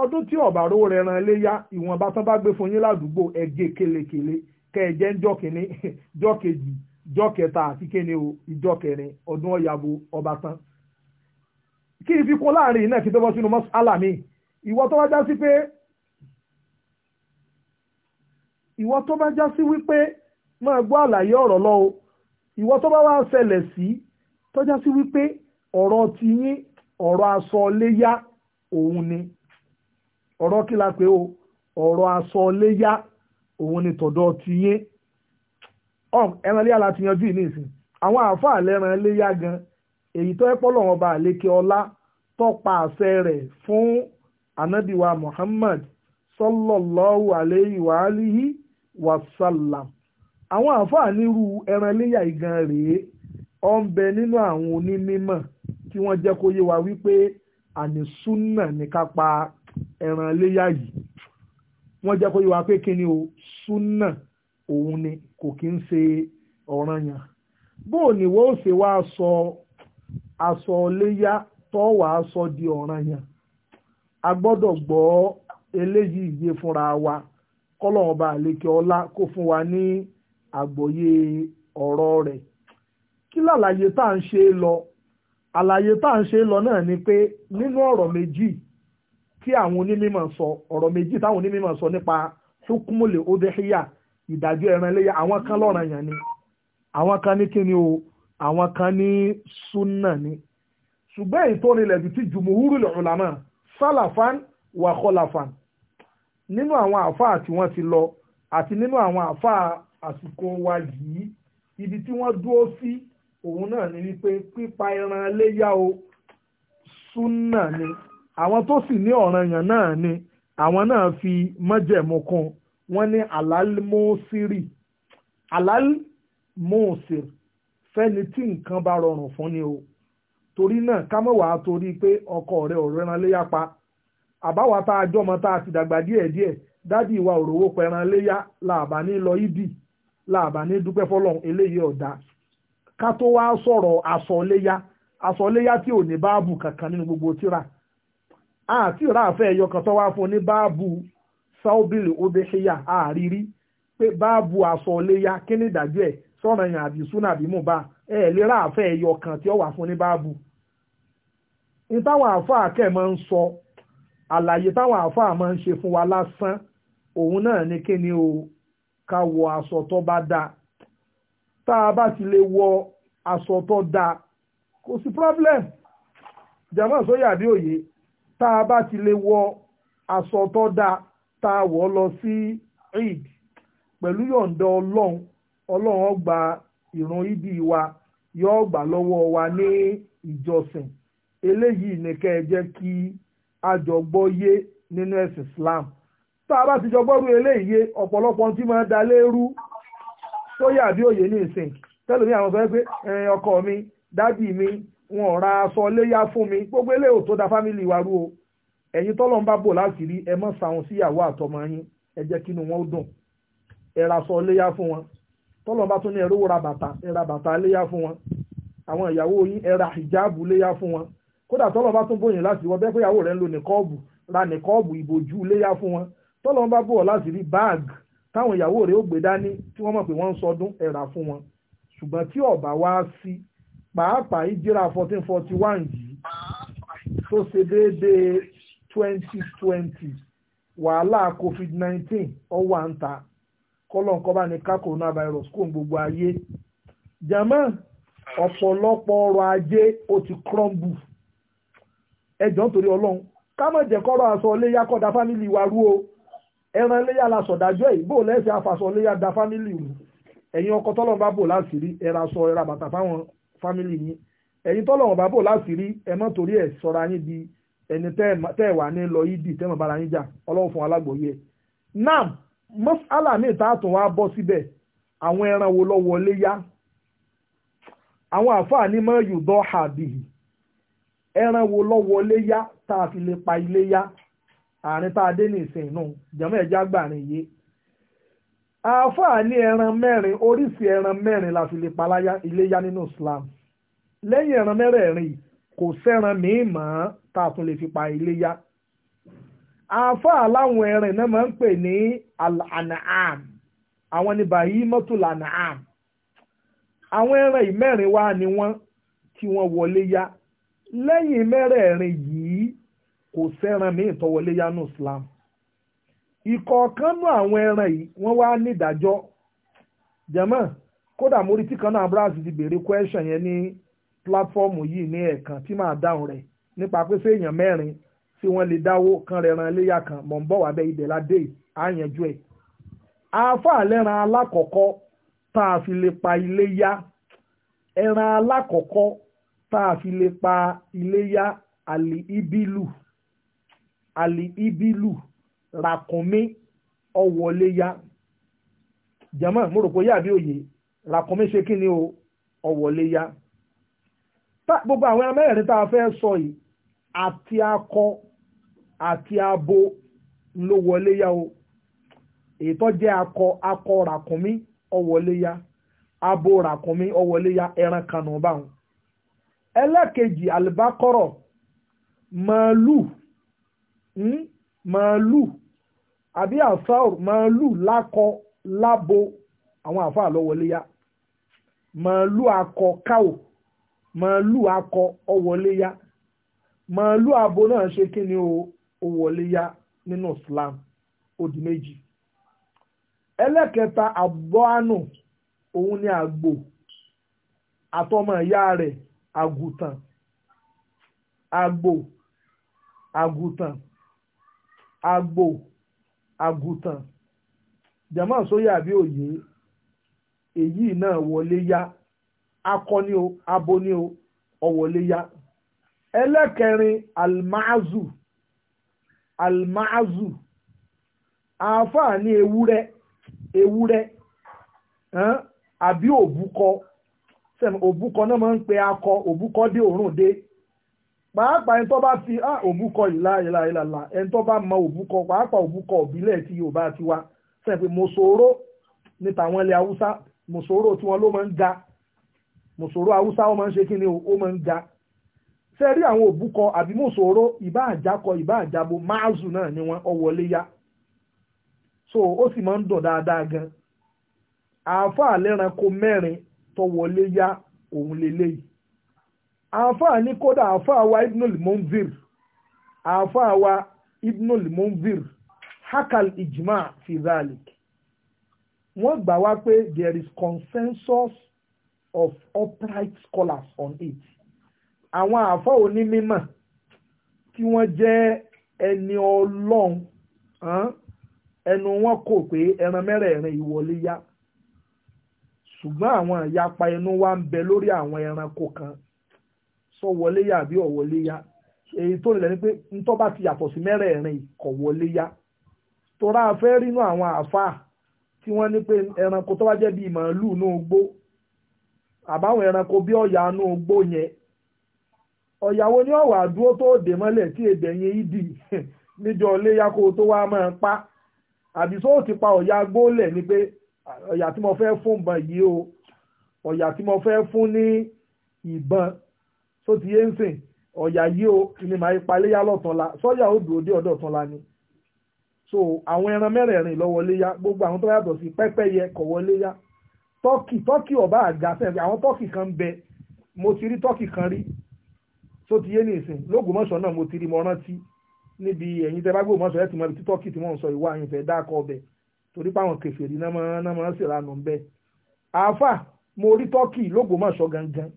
ọdún tí ọ̀bàrò rẹ̀ ran léyà ìwọ̀nba tán bá gbé fún yín ládùúgbò ẹ̀gẹ́ kelekele kẹ̀ẹ̀jẹ́ ń jọ́ kínní [LAUGHS] jọ́ àti kéne o ìjọ́ kẹrin ọdún ọ̀yàwó ọba tán. kí n fi kún láàrin iná kí n tó bọ́ sínú mọ́sálà mi ìwọ tó bá já sí pé ìwọ tó bá já sí wípé máa gbọ́ àlàyé ọ̀rọ̀ lọ o ìwọ tó bá wá ṣẹlẹ̀ sí tó já sí wípé ọ̀rọ̀ tiyín ọ̀rọ̀ aṣọ léyà òun ni ọ̀rọ̀ kí la pé o ọ̀rọ̀ aṣọ léyà òun ni tọ̀dọ̀ ti yín ẹran léyà láti yanjú ìní ìsìn àwọn àáfàá lẹ́ran léyà gan èyí tó ẹ́pọ́ lọ́wọ́ bá àlékè ọlá tọ́pa àṣẹ rẹ̀ fún anabiwa Muhammad sallallahu alayhi wa alihi wa sallam àwọn àáfàá nírú ẹran léyà igan rèé ọ ń bẹ nínú àwọn onímọ̀ tí wọ́n jẹ́ kó yé wa wípé àní súnà ní ká pa ẹran léyà yìí wọ́n jẹ́ kó yẹ wá pé kí ni o súnà òun ni kò kí ń ṣe ọ̀ranyàn bóò ni wọ́n ó ṣe wá sọ aṣọ léyà tó wàá sọ di ọ̀ranyàn a gbọ́dọ̀ gbọ́ eléyìí yé fúnra wa kọ́lọ́run bá ọlá kó fún wa ní àgbọ́yé ọ̀rọ̀ rẹ̀ kí lálàyé tá à ń ṣe lọ àlàyé tá à ń ṣe lọ náà ni pé nínú ọ̀rọ̀ méjì tí àwọn onímọ̀ sọ ọ̀rọ̀ méjì táwọn onímọ̀ sọ nípa hukumule odehia ìdájọ́ ẹran iléyà àwọn kan lọ́ràn yàn ni àwọn kan ní kíni o àwọn kan ní sunna ni ṣùgbọ́n èyí tó nílẹ̀ jù tí jumhurul ulama sálàfán wà kọlàfán nínú àwọn àfáà tí wọ́n ti lọ àti nínú àwọn àfáà àsìkò wa yìí ibi tí wọ́n dúró sí òun náà ni wípé pípa ẹran iléyà o sunna ni. àwọn tó sì ní ọ̀ranyàn náà ni àwọn náà fi májẹ̀mú kún wọ́n ní alálmọ́sírì alálmọ́sírì fẹ́ni tí nǹkan bá rọrùn fún ni o torí náà ká mọ̀ wá torí pé ọkọ rẹ̀ ò léyà pa àbáwá tá a jọmọ tá a ti ìwà pẹran làbà ní lọ làbà ní dúpẹ́ eléyìí ọ̀dà ká àti ìráàfẹ́ ẹ̀yọ kan tó wá fún ní báàbù sáúbìlì obìṣẹ́yà àrírí pé báàbù aṣọ léyà kí ni ìdájọ́ ẹ̀ sọ̀rọ̀ yàn àbí súnà àbí mùbá ẹ̀ lè ráàfẹ́ ẹ̀yọ kan tí ó wà fún ní báàbù. ìtàwọn àáfàá kẹ́ máa ń sọ àlàyé táwọn àáfàá máa ń ṣe fún wa lásán òun náà ni kí ni o ká wọ aṣọ tó bá dáa tá a bá ti lè wọ aṣọ tó dáa kò sí problem jàmọ́ sóyà bí òye tá a bá ti lè wọ aṣọ tó dáa tá a wọ̀ lọ sí eid pẹ̀lú yọ̀ǹda ọlọ́run ọlọ́run ó gba ìrun wa yóò gbà lọ́wọ́ wa ní ìjọsìn eléyìí ni kẹ́ ẹ jẹ́ kí àjọgbọ́ nínú ẹ̀sìn Islam tá a bá ti jọgbọ́rú eléyìí ọ̀pọ̀lọpọ̀ tí máa da lérú tó yà bí òye ní ìsìn tẹ́lẹ̀ mi àwọn sọ pé ọkọ mi dádì mi wọn ò ra aṣọ léyà fún mi gbogbo eléyò tó da fámìlì wa rú o ẹ̀yin tọ́lọ̀ ń bá bò láti rí ẹ mọ́ sàwọn síyàwó àtọmọ yín ẹ jẹ́ kínú wọn ó dùn ẹ ra aṣọ léyà fún wọn tọ́lọ̀ bá tún ní ẹ̀rọ ra bàtà ẹ ra bàtà léyà fún wọn àwọn ìyàwó yín ẹ ra hijab léyà fún wọn kódà tọ́lọ̀ bá tún bóyin láti wọ bẹ́ẹ̀ pé ìyàwó rẹ̀ ń lo nìkọ́ọ̀bù ra pàápàá ìjírà 1441, forty one yìí tó ṣe déédéé twenty twenty wàhálà covid nineteen ọwọ́ àǹtà kọ́lọ̀ kọ́ba ní ká coronavirus kó gbogbo ayé jama ọ̀pọ̀lọpọ̀ ọrọ̀ ajé ó ti crumble ẹjọ́ nítorí ọlọ́run ká má jẹ́ kọ́rọ̀ aṣọ iléyà kọ́ da fámìlì wa rú o ẹran iléyà la sọ̀dájọ́ yìí bó lẹ́sẹ̀ afàṣọ iléyà da fámìlì rú ẹ̀yin ọkọ tọ́lọ́ bá bò láti rí ẹ̀ra sọ ẹ̀ra bàtà fáwọn Family yín ẹ̀yin tọ́lọ́wọ̀n bá bò láti rí ẹ mọ́ torí ẹ̀ sọra yín di ẹni tẹ́ ẹ̀ wà ní lọ yídì tẹ́ mọ̀ bára yín jà ọlọ́run fún alágbòye nam mọ́sálà míì tá a tún wá bọ́ síbẹ̀ àwọn ẹran wo lọ wọlé yá àwọn àfáà ní mọ́ yùdọ́ àbìyí ẹran wo lọ wọlé yá tá a fi lè pa ilé yá àárín tá a dé ní ìsìn náà jẹ́mọ́ ẹ̀já gbàrin yìí àáfàá ní ẹran mẹ́rin oríṣìí ẹran mẹ́rin la fi lè paláyá iléyá nínú Islam lẹ́yìn ẹran mẹ́rẹ̀ẹ̀rin kò sẹ́ran míì mọ́ tá a tún lè fi pa iléyá àáfàá láwọn ẹran náà máa ń pè ní al-an'am àwọn ni bahimatul an'am àwọn ẹran ìmẹ́rin wá ni wọ́n tí wọ́n wọlé yá lẹ́yìn mẹ́rẹ̀ẹ̀rin yìí kò sẹ́ran míì tó wọlé yá nínú Islam. ìkọ̀ọ̀kanú àwọn ẹran yìí wọ́n wá nídàájọ́ jẹ̀mọ́ kódà mórí tí kan náà brazil ti bèrè question yẹn ní platform yìí ní ẹ̀ẹ̀kan tí màá dáhùn rẹ̀ nípa pé ṣé èèyàn mẹ́rin tí wọ́n lè dáwó kan ran kan mọ̀ ń bọ̀ wá bẹ́ ibẹ̀ ládé àyànjú ẹ̀. alákọ̀ọ́kọ́ tá a fi pa ẹran alákọ̀ọ́kọ́ tá a fi pa ràkúnmí ọwọ́léyá jẹ́mọ́ mo rò pé yàbí òye ràkúnmí ṣe kí ni o ọwọ́léyá gbogbo àwọn ẹran mẹ́rẹ̀ẹ̀rin tá a fẹ́ sọ yìí àti akọ àti abo ló wọléyá o èyí tó jẹ́ akọ akọ ràkúnmí ọwọ́léyá abo ràkúnmí ọwọ́léyá ẹran kanú báwọn ẹlẹ́kejì àlùbákọ́rọ̀ màálù hmm? màálù àbí àfáàrù màálù lákọ lábo àwọn àfáà lọ́wọ́léyá màálù akọ káwò màálù akọ ọwọ́léyá màálù abo náà ṣe kí ni ó wọléyá nínú Islam ó di méjì ẹlẹ́kẹta àbọ́ánù òun ni àgbò àtọmọ ìyá rẹ̀ àgùntàn àgbò àgùntàn àgbò. àgbò àgùntàn jama sóyà bí òye èyí náà wọlé yá akọni o aboni o ọwọlé yá ẹlẹ́kẹrin almaazu almaazu àáfàá ní ewúrẹ́ ewúrẹ́ àbí òbúkọ òbúkọ náà máa ń pe akọ òbúkọ dé òórùn dé pàápàá ẹni tó bá fi á ah, òbúkọ ìlà ìlà ìlà là ẹni tó bá mọ òbúkọ pàápàá òbúkọ òbílẹ̀ tí Yorùbá ti wá sẹ́yìn pé mòṣòro ní tàwọn ilẹ̀ Haúsá mòṣòro tí wọ́n ló máa ń ga mòṣòro Haúsá ó máa ń ṣe kí ni ó máa ń ga ṣe rí àwọn òbúkọ àbí mòṣòro ìbá àjákọ ìbá àjábo máàzù náà ni wọ́n ọwọ́lé yá so ó sì máa ń dùn dáadáa gan àáfàá lẹ́ranko mẹ́rin tó wọlé yá òun lélẹ́yìí àáfàá ní kódà àáfàá wa ibnul munzir àáfàá wa ibnul munzir hakal ijma fi zalik wọ́n gbà wá pé there is consensus of upright scholars on it àwọn àáfàá onímímọ̀ tí wọ́n jẹ́ ẹni ọlọ́run ẹnu wọn kò pé ẹran mẹ́rẹ̀ẹ̀rin ìwọlé yá ṣùgbọ́n àwọn ìyapa ẹnu wa ń bẹ lórí àwọn ẹranko kan sọ wọlé yá àbí ọ̀wọlé èyí tó nílẹ̀ ni pé ntọ́ bá ti yàtọ̀ sí mẹ́rẹ̀ẹ̀rin kò wọlé yá torá afẹ́ rínú àwọn àáfàá tí wọ́n ní pé ẹranko tó bá jẹ́ bíi màálù ní ogbó àbáwọn ẹranko bí ọ̀yà ní ogbó yẹn ọ̀yàwó ọ̀wà tó dè mọ́lẹ̀ tí [LAUGHS] pa àbí ti pa ọ̀yà gbólẹ̀ ni pé ọ̀yà tí mo o ọ̀yà tí mo fẹ́ fún ní só ti yé ń sìn ọ̀yà yìí o ni màá ipa léyà lọ́tàn la sọ́yà ó dúró dé ọ̀dọ̀ tán la ni so àwọn ẹran mẹ́rẹ̀ẹ̀rin lọ́wọ́ léyà gbogbo àwọn tó yàtọ̀ sí pẹ́pẹ́yẹ kọ̀wọ́ léyà tọ́kì tọ́kì ọ̀bá àga sẹ́fẹ̀ àwọn tọ́kì kan bẹ mo ti rí tọ́kì kan rí só ti yé ní ìsìn lógùnmọ̀ṣọ́ náà mo ti rí mo rántí níbi ẹ̀yin tẹ́ bá gbòmọ̀ṣọ́ ẹ̀ ti mọ ibi tí tọ́kì tí wọ́n ń sọ ìwọ àyìn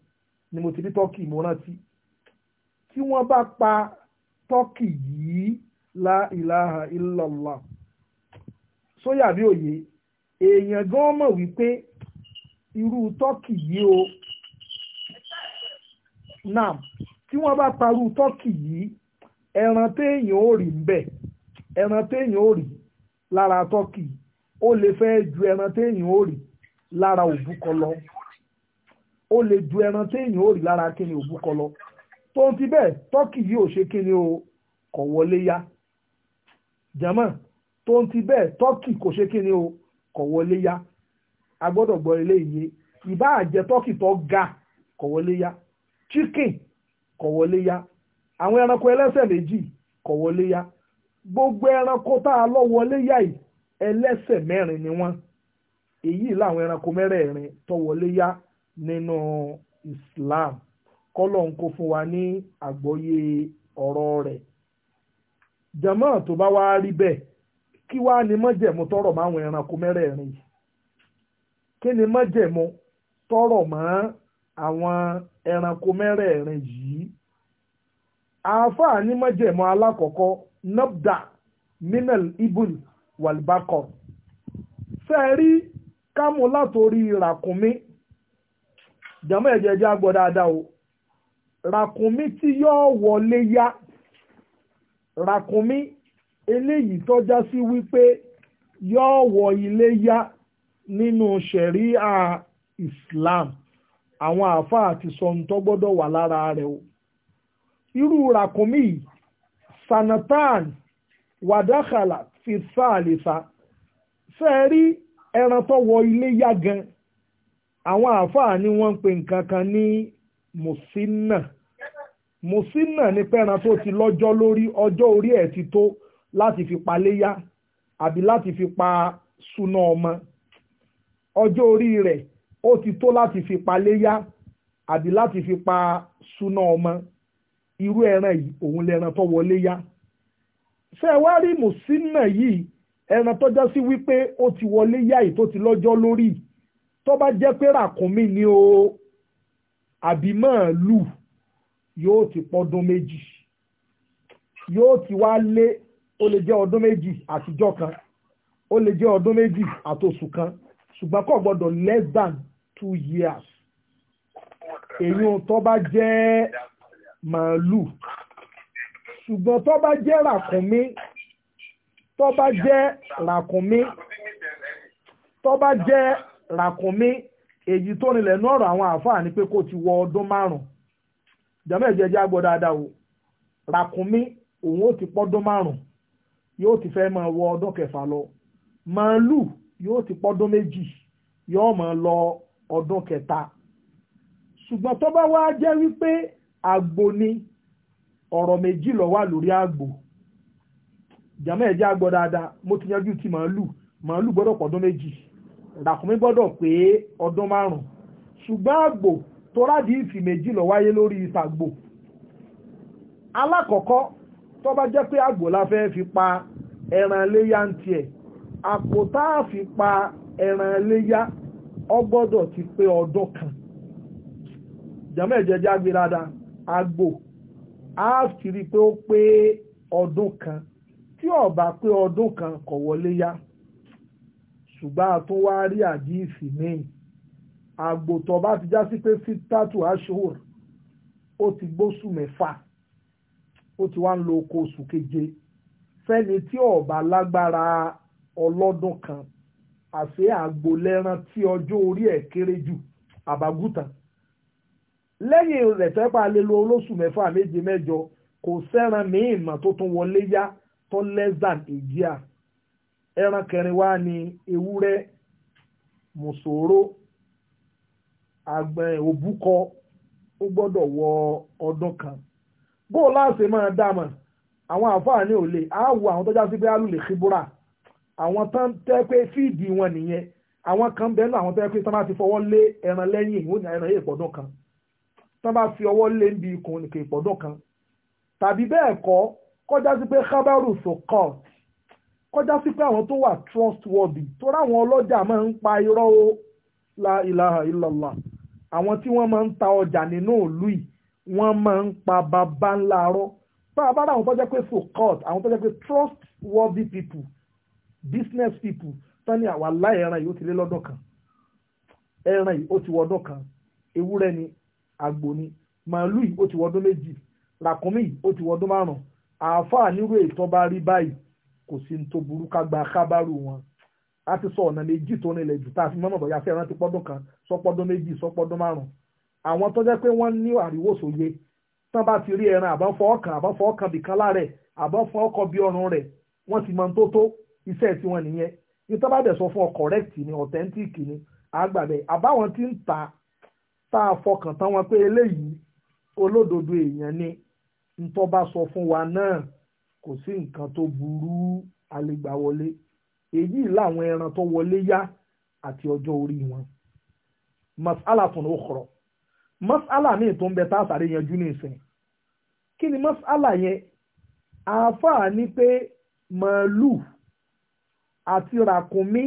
ni mo ti rí tọ́kì mo rántí tí wọ́n bá pa tọ́kì yìí la ilaha illallah sóyà bí òye èèyàn gan mọ̀ wípé irú tọ́kì yìí o náà tí wọ́n bá parú tọ́kì yìí ẹran téèyàn ò rí ńbẹ̀ ẹran téèyàn ò rí lára tọ́kì ó lè fẹ́ ju ẹran téèyàn ò rí lára òbúkọ lọ o lè ju ẹran téèyàn ó rí lára kíni òbúkọ lọ tó ń ti bẹ́ẹ̀ tọ́kì yìí ò ṣe kíni o kọ̀ wọlé yá jẹ́mọ̀ tó ń ti bẹ́ẹ̀ tọ́kì kò ṣe kíni o kọ̀ wọlé yá a gbọ́dọ̀ gbọ́ ilé iye ìbá àjẹ tọ́kì tó ga kọ̀ wọlé yá chicken kọ̀ wọlé yá àwọn ẹranko ẹlẹ́sẹ̀ méjì kọ̀ wọlé yá gbogbo ẹranko tá a lọ wọlé yá yìí ẹlẹ́sẹ̀ mẹ́rin ni wọ́n èyí làwọn ẹranko mẹ́rẹ̀ẹ̀rin tó wọlé yá nínú Islam kọ́lọ́n kó fún wa ní àgbọ́yé ọ̀rọ̀ rẹ̀ jama tó bá wá rí bẹ́ẹ̀ kí wá ni mọ́jẹ̀mú tọrọ mọ́ àwọn ẹranko mẹ́rẹ̀ẹ̀rin yìí kí ni mọ́jẹ̀mú tọrọ mọ́ àwọn ẹranko mẹ́rẹ̀ẹ̀rin yìí àáfàá ní mọ́jẹ̀mú alákọ̀ọ́kọ́ nabda minal ibul walbakor fẹ́ẹ́ kámú látòrí ràkúnmí jàmọ́ ẹ̀jẹ̀ jẹ́ àgbọ̀ dáadáa o ràkúnmí tí yóò wọlé yá ràkúnmí eléyìí tọ́já sí wípé yóò wọ ilé yá nínú ṣẹ̀ríà Islam àwọn àáfàá àti sọ̀ǹtọ́ gbọ́dọ̀ wà lára rẹ̀ o irú ràkúnmí yìí sanatan wàdákàlà fi sáàlìsà fẹ́ẹ́ rí ẹran tó wọ ilé yá gan-an àwọn àáfàá ni wọ́n ń pe nǹkan kan ní mùsínà mùsínà ni pẹ́ran tó ti lọ́jọ́ lórí ọjọ́ orí ẹ̀ ti tó láti fi pa léyá àbí láti fi pa súná ọmọ ọjọ́ orí rẹ̀ ó ti tó láti fi pa léyá àbí láti fi pa súná ọmọ irú ẹran yìí òun lẹran tó wọlé yá ṣé ẹ wá rí mùsínà yìí ẹran tó já sí wípé ó ti wọlé yá yìí tó ti lọ́jọ́ lórí yìí tó bá jẹ́ pé ràkúnmí ni o àbí màálù yóò ti pọ́dún méjì yóò ti wá lé ó lè jẹ́ ọdún méjì àtijọ́ kan ó lè jẹ́ ọdún méjì àtòsù kan ṣùgbọ́n kò gbọ́dọ̀ less than two years èyí tó bá jẹ́ màálù ṣùgbọ́n tó bá jẹ́ ràkúnmí tó bá jẹ́ ràkúnmí tó bá jẹ́ ràkúnmí èyí tó nílẹ̀ ní ọ̀rọ̀ àwọn àáfàá ni pé kó ti wọ ọdún márùn-ún jàmọ́ ẹ̀jẹ̀ ẹ̀jẹ̀ àgbọ̀ dáadáa o ràkúnmí òun ó ti pọ́dún márùn-ún yóò ti fẹ́ máa wọ ọdún kẹfà lọ màálù yóò ti pọ́dún méjì yóò máa lọ ọdún kẹta ṣùgbọ́n tó bá wá jẹ́ wípé àgbò ni ọ̀rọ̀ méjì ló wà lórí àgbò jàmọ́ ẹ̀jẹ̀ àgbọ̀ dáadáa mo ti yanjú ti màálù màálù gbọ́dọ̀ pọ́dún méjì ràkúnmí gbọ́dọ̀ pé ọdún márùn-ún ṣùgbọ́n àgbò tó rádi ìfì méjì lọ wáyé lórí ìsàgbò alákọ̀ọ́kọ́ tó jẹ́ pé àgbò la fẹ́ fi pa ẹran léyá ń tiẹ̀ àpò fi pa ẹran léyá ọ gbọ́dọ̀ ti pé ọdún kan jẹ́mọ́ dáadáa àgbò kan tí ọba pé kan ṣùgbọ́n a tún wá rí àdíìsì míì àgbò tó bá ti já sí pé sítátù aṣọ́ọ̀rù ó ti gbóṣù mẹ́fà ó ti wá ń lo oko oṣù keje fẹ́ni tí ó bá lágbára ọlọ́dún kan àṣé àgbò lẹ́ran tí ọjọ́ orí ẹ̀ kéré jù àbágùtàn lẹ́yìn rẹ̀ tẹ́ pa lè lo olóṣù mẹ́fà méje mẹ́jọ kò sẹ́ran míì mà tó tún wọlé yá tó less than ẹran kẹrin wá ní ewúrẹ́ mùsòrò àgbẹ̀ òbúkọ ó gbọ́dọ̀ wọ ọdún kan bó o láṣẹ máa dámọ̀ àwọn àǹfààní ò lè àwọ̀ àwọn tọ́já sí pé alùlẹ̀ kíbúrà àwọn tán tẹ́ pé fíìdì wọn nìyẹn àwọn kan bẹ́ẹ̀ náà àwọn tẹ́ pé tán bá ti fọwọ́ lé ẹran lẹ́yìn ìwọ̀n ní ẹran yìí ìpọ̀dún kan tán bá fi ọwọ́ lé níbi ikùn nìkan ìpọ̀dún kan tàbí bẹ́ẹ̀ kọ́ kọjá sí pé kábàrù sọ̀kọ́t kọjá sí pé àwọn tó wà trustworthy tó ráwọn ọlọ́jà máa ń pa irọ́ o la ilaha illallah àwọn tí wọ́n máa ń ta ọjà nínú ìlú yìí wọ́n máa ń pa bàbá ńlá rọ́ bá a bá rà àwọn tó jẹ́ pé focus àwọn tó jẹ́ pé trustworthy people business people tani àwa láì ẹran yìí ó ti lé lọ́dún kan ẹran yìí ó ti wọ́dún kan ewúrẹ́ ni àgbò ni màálù yìí ó ti wọ́dún méjì ràkúnmí yìí ó ti wọ́dún márùn-ún àáfàá nírú ètò bá rí báyìí kò sí ní tó burú ká gba kábàrù wọn a ti sọ ọ̀nà méjì tó nílẹ̀ jù tá a fi mọ́mọ́ bọ̀ yàtọ̀ ẹran ti pọ́dún kan sọ́pọ́dún méjì sọ́pọ́dún márùn àwọn tó jẹ́ pé wọ́n ní àríwòsòye tán bá ti rí ẹran àbá fọ́ ọkàn àbá fọ́ ọkàn bìkan láàrẹ̀ àbá fọ́ ọkọ̀ bí ọrùn rẹ̀ wọ́n ti máa ń tó tó iṣẹ́ tiwọn nìyẹn ní tán bá dẹ̀ sọ fún ọ correct ni authentic ni àgbàbẹ̀ àbáwọn ti ń ta tá a fọkàn tán wọn pé eléyìí olódodo èèyàn ni ntọ́ bá sọ fún wa náà kò sí nǹkan tó burú alégbà wọlé èyí làwọn ẹran tó wọlé yá àti ọjọ́ orí wọn mas'ala tún ó kọ̀rọ̀ mas'ala míì tó ń bẹ tá a sáré yanjú ní ìsìn kí ni mas'ala yẹn àáfàá ni pé màálù àti ràkúnmí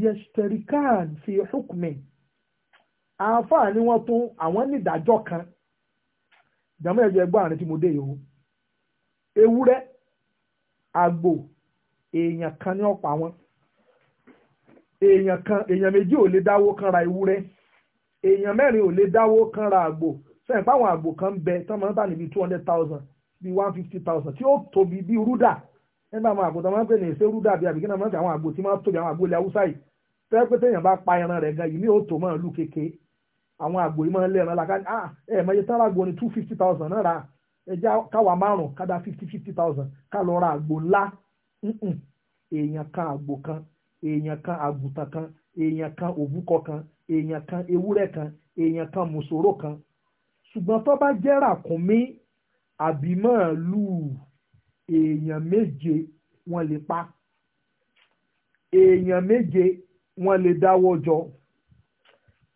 yesterikan fi hukmi àáfàá ni wọ́n tún àwọn nídàájọ́ kan jàmọ́ ẹ̀jẹ̀ gbọ́ àrùn tí mo dé yìí o ewúrẹ́ àgbò èèyàn kan ní ọ̀pá wọn èèyàn kan èèyàn méjì ò lè dáwó kan ra ewúrẹ́ èèyàn mẹ́rin ò lè dáwó kan ra àgbò sẹ́yìn àgbò kan bẹ tán máa tà níbi two hundred thousand bíi one fifty thousand tí ó tóbi bíi rúdà nígbà àwọn àgbò tó máa ń pè ní èsè rúdà bíi àbíkínà máa ń pè àwọn àgbò tí máa ń tóbi àwọn àgbò ilẹ̀ haúsá yìí pé téèyàn bá pa ẹran rẹ̀ gan yìí ah, ní ni two fifty thousand ẹjẹ́ káwa márùn kádà fifty fifty thousand ká lọ ra àgbò ńlá èèyàn kan àgbò kan èèyàn kan àgùntàn kan èèyàn kan òbúkọ kan èèyàn kan ewúrẹ́ kan èèyàn kan mùsòrò kan ṣùgbọ́n tó bá jẹ́ ràkúnmí àbí màálù èèyàn méje wọ́n lè pa èèyàn méje wọ́n lè dáwọ́ jọ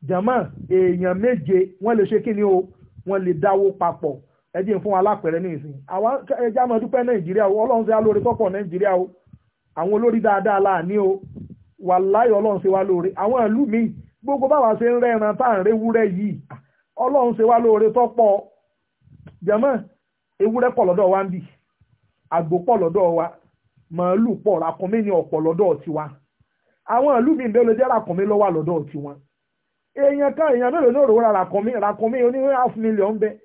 jàmọ́ èèyàn méje wọ́n lè ṣe kí ni o wọ́n lè dáwọ́ papọ̀ ẹ jẹ́ fún wa lápẹ̀rẹ̀ ní ìsìn àwa ẹjẹ́ àmọ́ dúpẹ́ nàìjíríà o ọlọ́run ṣe á lóore tọ́pọ̀ nàìjíríà o àwọn olórí dáadáa là ní o wàláhì ọlọ́run ṣe wá lóore àwọn ìlú míì gbogbo báwa ṣe ń rẹ́ran tá à ń réwúrẹ́ yìí ọlọ́run ṣe wá lóore tọ́pọ̀ jẹ̀mọ́ ewúrẹ́ pọ̀ lọ́dọ̀ wa ń bì àgbò pọ̀ lọ́dọ̀ wa màálù pọ̀ ràkúnmí ni ọ̀pọ̀ lọ́dọ̀ tiwa àwọn ìlú míì bẹ́ẹ̀ ló jẹ́ ràkúnmí wà lọ́dọ̀ tiwọn èèyàn kan èèyàn mélòó ní òróró ràkúnmí ràkúnmí oníwé half million bẹ́ẹ̀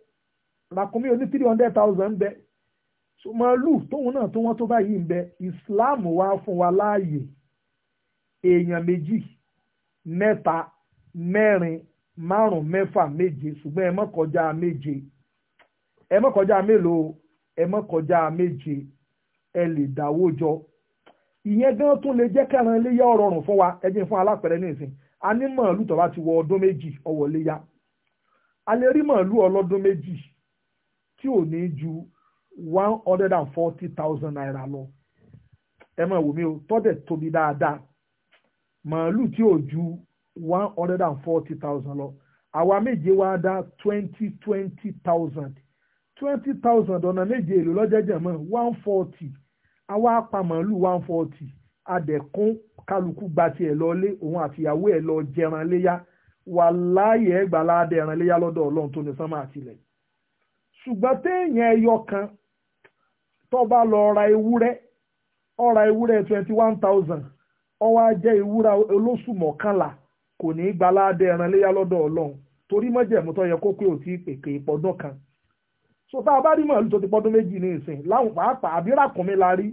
làkúnmí oní three hundred thousand bẹ màálù tóun náà tó wọ́n tó báyìí ń bẹ Islam wá fún wa láàyè èèyàn méjì mẹ́ta mẹ́rin márùn mẹ́fà méje ṣùgbọ́n ẹ má kọjá méje ẹ má kọjá mélòó ẹ má kọjá méje ẹ lè dáwó jọ ìyẹn gan tún lè jẹ́ kẹran iléyà ọ̀rọ̀rùn fún wa ẹjìn fún alápẹ̀rẹ̀ ní ìsìn a ní màálù tó bá ti wọ ọdún méjì ọwọ́ iléyà a lè rí màálù ọlọ́dún méjì tí ò ní ju one hundred and forty thousand naira lọ ẹ máa wò o tọ́dẹ̀ tóbi dáadáa màálù tí ò ju one hundred and forty thousand lọ àwa méje wá dá twenty twenty thousand twenty thousand ọ̀nà méje èlò lọ́jẹ́jẹ́ mọ́ one forty àwa pa màálù one forty adẹ̀kún kálukú gba tiẹ̀ lọ òun àtìyàwó ẹ̀ lọ jẹran léyà wàláyé ẹgbàá léyà lọ́dọ̀ ọlọ́run tó ní sánmà àtìlẹ́yìn ṣùgbọ́n téèyàn ẹyọ kan tó bá lọ ra ewúrẹ́ ó ewúrẹ́ twenty one thousand ó wá jẹ́ ewúrẹ́ olóṣù mọ́kànlá kò ní í gba aládé ẹran léyà lọ́dọ̀ ọlọ́run torí mọ́jẹ̀mú tó yẹ kó pé ò pèké ìpọ́dún kan so tá a bá rí màálù tó ti pọ́dún méjì ní ìsìn láwọn pàápàá àbí ràkúnmí la rí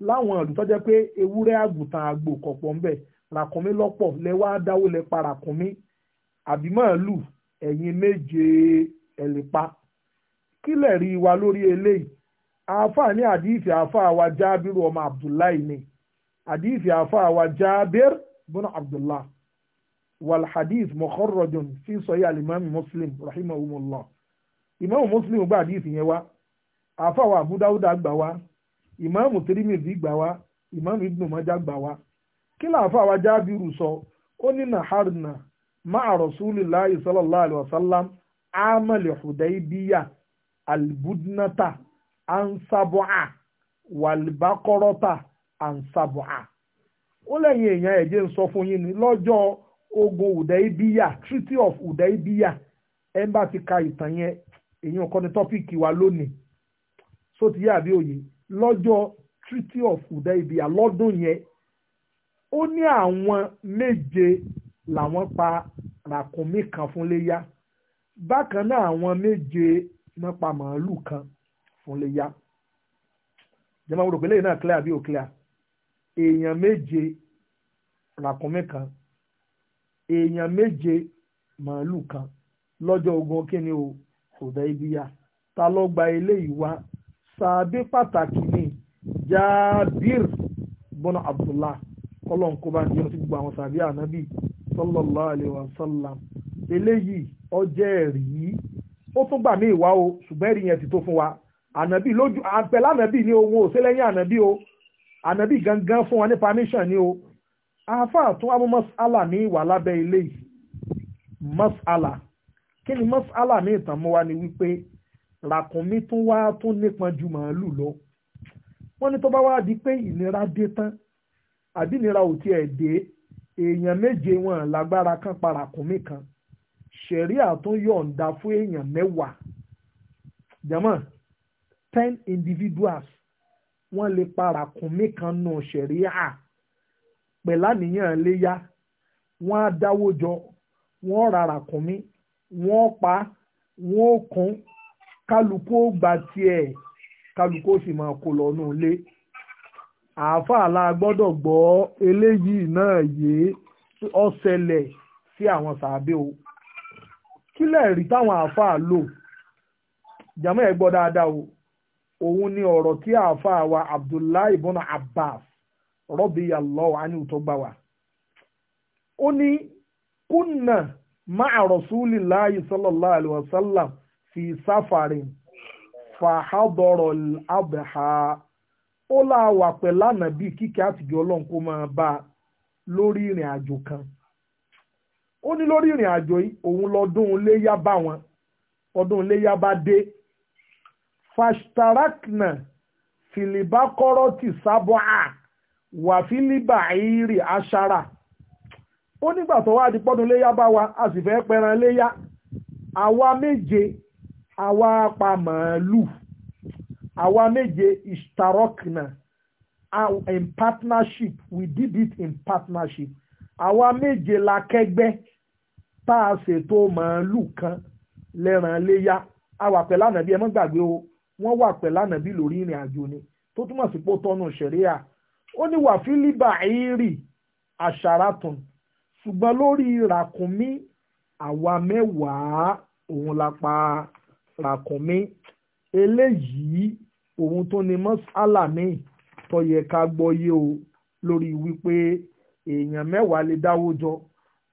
láwọn àlù tó jẹ́ pé ewúrẹ́ àgùntàn àgbò kọ̀pọ̀ ńbẹ̀ ràkúnmí lọ́pọ̀ lẹ wá dáwó lẹ pa ràkúnmí àbí màálù ẹ̀yìn méje ẹ̀ kílẹ̀ rí wa lórí eléyìí àáfàá ní àdìsí àáfàá wa jábìrù ọmọ abdullahi ni àdìsí àáfàá wa jábìr bọ́nà abdullah wal hadith mọ̀kọ́rọ̀jùn fi sọ́yí alimami muslim rahimahumullah imamu muslim gba àdìsí yẹn wá àáfàá wa abudawuda gbà wá imamu tirimizi gbà wá imamu ibnu maja gbà wá kí làáfàá wa jábìrù sọ ó ní nàhárùnà máa rasulillahi sallallahu alayhi wa sallam amali hudaybiya albudnata ansabua walbakọrọta ansabua ó lẹ́yìn èèyàn ẹ̀jẹ̀ ń sọ fún yín ni lọ́jọ́ ogun udaibiya treaty of udaibiya ẹ̀ ti ka itan yẹn èyí ọkọ ni tọ́pìkì wa lónìí so ti yá àbí òye lọ́jọ́ treaty of udaibiya lọ́dún yẹn o ni àwọn méje làwọn pa ràkúnmí kan fún léyà bákan náà pa màálù kan fún léyà jẹ́mọ́ wọ́n rò pé lẹ́yìn náà clear bí ò clear èèyàn méje ràkúnmí kan èèyàn méje màálù kan lọ́jọ́ ogun kíni o Hudaybiya ta ló gba eléyìí wá sàbí pàtàkì ni Jabir bọ́nà Abdullah kọ́lọ́n kó bá ń jẹun gbogbo àwọn sàbí ànábì sallallahu alaihi wa sallam eléyìí ọjẹ́ ẹ̀rí ó tún gbà mí ìwá o ṣùgbọ́n ẹ̀rí yẹn ti tó fún wa ànàbí lójú àpẹ̀lú ànàbí ni owó òṣèlẹ́yìn ànàbí o ànàbí gangan fún wa ní permission ni o àáfàá tún wàá mú mas'ala ní ìwà lábẹ́ ilé yìí mas'ala kí ni mas'ala ní ìtàn mú wa ni wípé ràkúnmí tún wá tún nípọn ju màálù lọ wọ́n ní tó bá wá di pé ìnira dé tán àbí ìnira ò tiẹ̀ dé èèyàn méje wọn lágbára kan pa ràkúnmí kan ṣẹ̀ríà tún yọ̀ǹda fún èèyàn mẹ́wàá jẹ́mọ̀ ten individuals wọ́n lè para kùnmí kan nù ṣẹ̀ríà pẹ̀láníyàn léyà wọ́n á dáwó jọ wọ́n rárá kùnmí wọ́n pa wọ́n kún kálukú ó gba tiẹ̀ kálukú ó sì máa kó lọ nù ilé àáfàá la gbọ́dọ̀ gbọ́ eléyìí náà yé ó sí àwọn sàbẹ̀ o kí lẹ́ẹ̀rí táwọn àáfàá lò jàmọ́ ẹ̀ gbọ́ dáadáa o òun ni ọ̀rọ̀ tí àáfàá wa Abdullahi ibn Abbas radiyallahu anhu tó gbà wá ó ní kúnnà máa rasulillahi sallallahu alaihi wasallam fi sáfàrin fàhádọ́rọ̀ àbẹ̀há ó láwà pẹ̀lú ànàbí kíkẹ́ àtijọ́ ọlọ́run kó máa bá a lórí ìrìn àjò kan ó ní lórí ìrìn àjò yìí òun lọ́dún iléyá bá wọn ọdún iléyá bá dé fashtarakna filibakọ́rọ́tì sábọ́à wà fílíbà ìrì aṣara ó nígbà tó wá di pọ́dún iléyá bá wa a sì fẹ́ pẹran iléyá àwa méje àwa pa màálù àwa méje ishtarakna in partnership we did it in partnership àwa méje la kẹ́gbẹ́ tá a ṣètò màálù kan lẹ́ran léyà a wà pẹ̀lú ànàbí ẹ má gbàgbé o wọ́n wà pẹ̀lú ànàbí lórí ìrìn àjò ni tó túmọ̀ sí pé ó tọ́nu ṣẹ̀ríà ó ní wà fílíbà ìrì àṣàràtùn ṣùgbọ́n lórí ràkúnmí àwa mẹ́wàá òun la pa ràkúnmí eléyìí òun tó ní mọ́sálà míì tó yẹ ká gbọ́yé o lórí wípé èèyàn mẹ́wàá lè dáwó jọ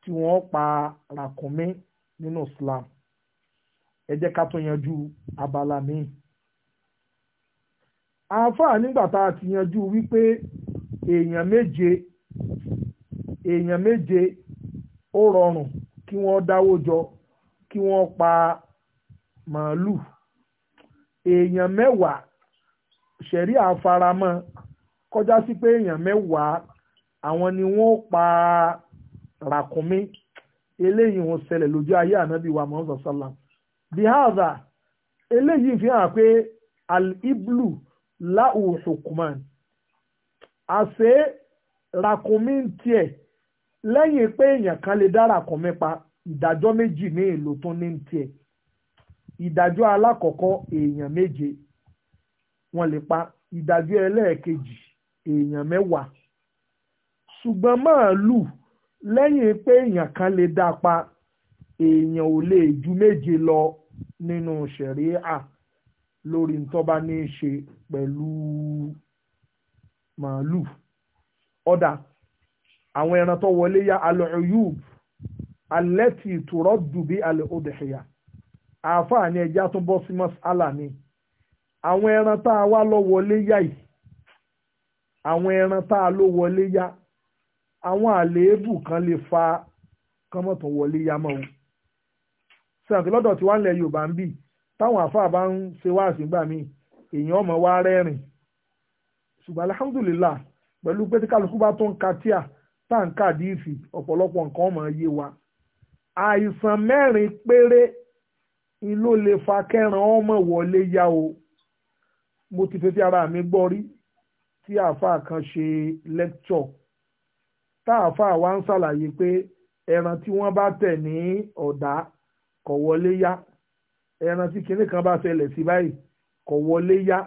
tí wọ́n pa ràkúnmí nínú Islam ẹ jẹ́ ká tó yanjú abala míì àáfàá nígbà tá a ti yanjú wípé èèyàn méje èèyàn méje ó rọrùn kí wọ́n dáwó jọ kí wọ́n pa màálù èèyàn mẹ́wàá ṣẹ̀rí àfaramọ́ kọjá sí pé èèyàn mẹ́wàá àwọn ni wọ́n pa á Rakumi eléyìí wọn ṣẹlẹ̀ lójú ayé ànábì wa mọ́sán sálàm bihaza eléyìí fi hàn pé al-iblu láwù hukman àṣé ràkúnmí tiẹ̀ pé èèyàn kan lè dá ràkúnmí pa ìdájọ́ méjì ní èlò tó ní tiẹ̀ ìdájọ́ alákọ̀ọ́kọ́ èèyàn méje wọ́n lè pa ìdájọ́ ẹlẹ́ẹ̀kejì èèyàn mẹ́wàá ṣùgbọ́n màálù lẹ́yìn pé èèyàn kan lè dá èèyàn ò lè ju méje lọ nínú ṣẹ̀ríà lórí tó ní í ṣe pẹ̀lú màálù ọ̀dà àwọn ẹran tó wọlé ni ẹja tó bọ́ sí ni àwọn ẹran tá a wá lọ wọlé yìí àwọn àléébù kan lè fa kánmọ́tò wọlé yámọ́ o sàǹkì lọ́dọ̀ tí wọ́n ń lẹ Yorùbá ń bì táwọn àfáà bá ń ṣe wá àṣìgbà mi èèyàn ọmọ wa rẹ́rìn ṣùgbọ́n alhamdulillah pẹ̀lú pé tí kálukú bá tó ń ka tíà tá à ń kà díìsì ọ̀pọ̀lọpọ̀ nǹkan ọmọ yé wa àìsàn mẹ́rin péré ló lè fa kẹ́ran ọmọ wọlé yá o mo ti fetí ara mi gbọ́ rí tí àfáà kan ṣe lecture táàfà wa ń ṣàlàyé pé ẹran tí wọ́n bá tẹ̀ ní ọ̀dà kọ̀ wọlé yá ẹran tí kinní kan bá ṣẹlẹ̀ sí báyìí kọ̀ wọlé yá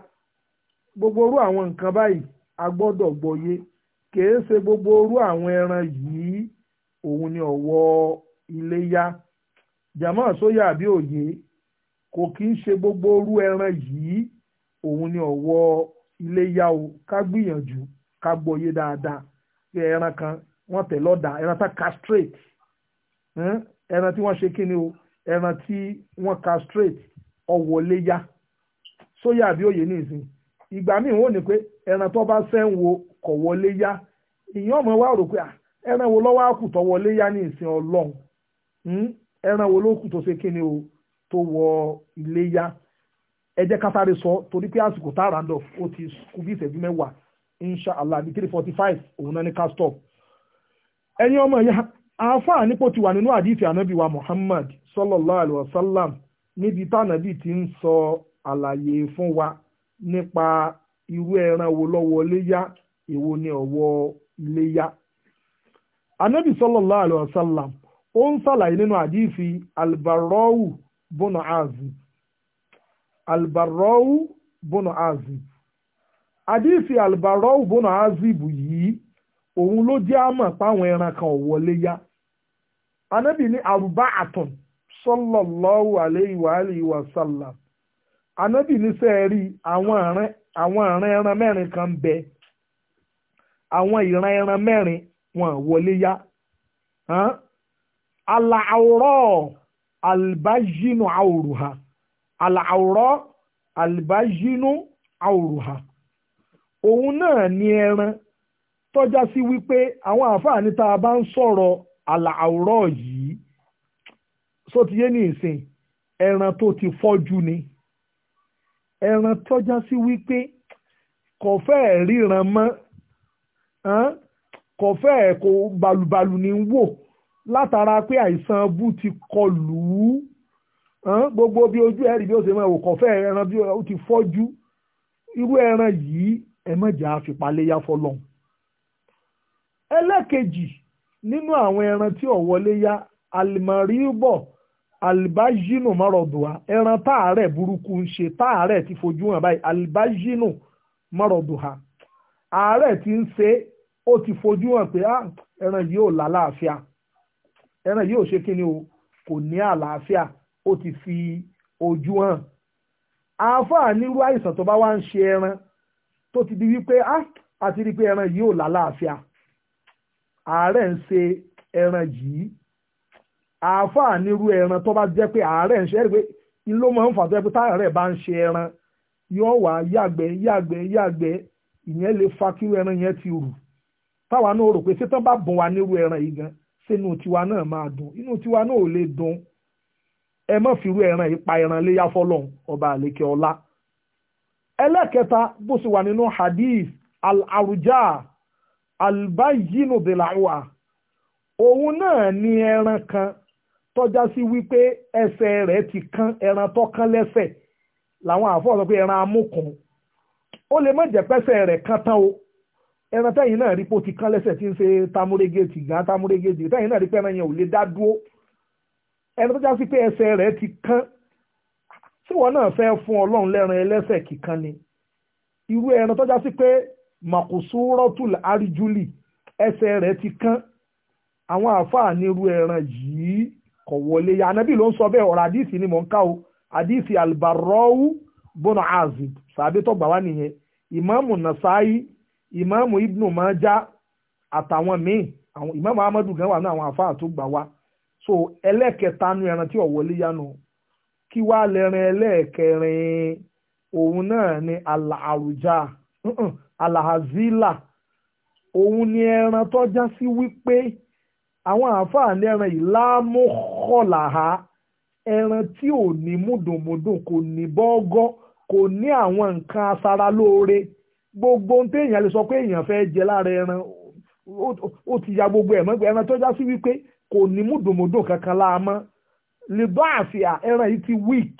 gbogbo orú àwọn nǹkan báyìí a gbọ́dọ̀ gbọ́yé kìí ṣe gbogbo orú àwọn ẹran yìí òun ni ọ̀wọ́ iléyá jàmọ́ sóyà àbí òye kò kì í ṣe gbogbo orú ẹran yìí òun ni ọ̀wọ́ iléyá o ká gbìyànjú ká gbọ́yé dáadáa ẹran kan wọ́n tẹ̀ lọ́dà ẹran tá castrate ẹran tí wọ́n ṣe kí ni o ẹran tí wọ́n castrate ọ̀wọ́léyà sóyà àbí òye ní ìsìn ìgbà míì wọ́n ní pé ẹran tó bá fẹ́ ń wo kọ̀ wọlé ìyẹn rò pé ẹran wo lọ́wọ́ ní ìsìn ọlọ́run hm? ẹran wo ó ti kú ẹ̀yin ọmọ ìyá àáfàá nípò ti wà nínú àdìsí ànábì wa Muhammad sallallahu alayhi wa sallam níbi tánàbì ti ń sọ àlàyé fún wa nípa irú ẹran wo lọ́wọ́ èwo ni ọ̀wọ́ léyá ànábì sallallahu alayhi wa sallam ó ń sàlàyé nínú àdìsí albarrowu bọ́nà azim albarrowu àdìsí albarrowu yìí òun ló jẹ́ àmọ̀ páwọn ẹran kan wọlé yá anábì ní àrùbá àtọ̀n sallallahu alayhi wa alihi wa anábì ní sẹ́ẹ̀rí àwọn ìran ẹran mẹ́rin kan bẹ àwọn ìran ẹran mẹ́rin wọn wọlé yá albajinu awruha tọ́já sí wípé àwọn àǹfààní tá a bá ń sọ̀rọ̀ àlàáwòrán yìí só ti yé ní ìsìn ẹran tó ti fọ́jú ni ẹran tọ́já sí wípé kò fẹ́ẹ̀ ríran mọ́ kò fẹ́ẹ̀ kó balùbalù ní wò látara pé àìsàn bú ti kọlù ú gbogbo bí ojú ẹ̀rí bí ó ṣe máa wò kò fẹ́ẹ̀ ẹran bí ó ti fọ́jú irú ẹran yìí ẹ má jà á fi paléyà ẹlẹ́kejì nínú àwọn ẹran tí ò ya alimaribo alibajinu mọ́rọ̀dùá ẹran táàárẹ̀ burúkú ń ṣe táàárẹ̀ ti fojú hàn báyìí alibajinu mọ́rọ̀dùá àárẹ̀ ti ń ṣe ó ti fojú hàn pé ah, ẹran yìí ò lálàáfíà ẹran yìí ò ṣe kí ni o kò ní ti fi ojú hàn àáfàá nírú àìsàn tó bá wá ń ṣe ẹran tó ti di wípé ah, a rí i pé ẹran yìí ò lálàáfíà àárẹ̀ ń ṣe ẹran yìí àáfàá nírú ẹran tó bá jẹ́ pé àárẹ̀ ń ṣe ẹ̀rí pé ló máa ń fà tó yẹ pé táàrẹ̀ bá ń ṣe ẹran yóò wá yàgbẹ́ yàgbẹ́ yàgbẹ́ ìyẹn lè fa kí ẹran yẹn ti rù táwa náà rò pé sétan bá bùn wa nírú ẹran yìí gan sínú tiwa náà máa dùn inú tiwa náà ò lè dùn ẹ má firú ẹran yìí pa ẹran léyà fọlọ́n ọba àlékè ọlá ẹlẹ́kẹta bó sì wà nínú hadith al-arujah albayinu bilawa òun náà ni ẹran kan tọ́já sí wípé ẹsẹ̀ rẹ̀ ti kan ẹran tó kan lẹ́sẹ̀ làwọn àfọ̀ sọ pé ẹran amúkùn ó lè má jẹ́ pẹ́sẹ̀ rẹ̀ kan tán o ẹran tẹ́yìn náà rí pé ó ti kán lẹ́sẹ̀ tí ń ṣe tamúrégéètì gan tamúrégéètì tẹ́yìn náà rí pé ẹran yẹn ò lè dá dúró ẹran tó já sí pé ẹsẹ̀ rẹ̀ ti kán síwọ́n náà fẹ́ fún ọlọ́run lẹ́ran ẹlẹ́sẹ̀ kíkan ni irú ẹran tó já sí pé makusuratul arjuli ẹsẹ̀ rẹ̀ ti kán àwọn àáfàá nírú ẹran yìí kò wọlé ya anabi ló ń sọ bẹ́ẹ̀ ọ̀rọ̀ àdìsí ni mò ń ká o àdìsí albarrowu bono azib sàbí tó gbà wá nìyẹn ìmáàmù nasaayi ìmáàmù ibnu maja àtàwọn míì ìmáàmù amadu gan wà ní àwọn àáfàá tó gbà wá so ẹlẹ́kẹta nu ẹran tí ò wọlé ya nù kí wàá lẹ́rin ẹlẹ́ẹ̀kẹrin òun náà ni àlàrújà alahazila òun ni ẹran tó já sí wípé àwọn àáfàá ní ẹran yìí lámúkọ̀láha ẹran tí ò ní múdùnmúdùn kò ní bọ́gọ́ kò ní àwọn nǹkan asaralóore gbogbo ohun téèyàn lè sọ pé èèyàn fẹ́ jẹ lára ẹran ó ti ya gbogbo ẹ̀mọ́ ẹran tó já sí wípé kò ní múdùnmúdùn kankan láàmọ́ lè bá ẹran yìí ti weak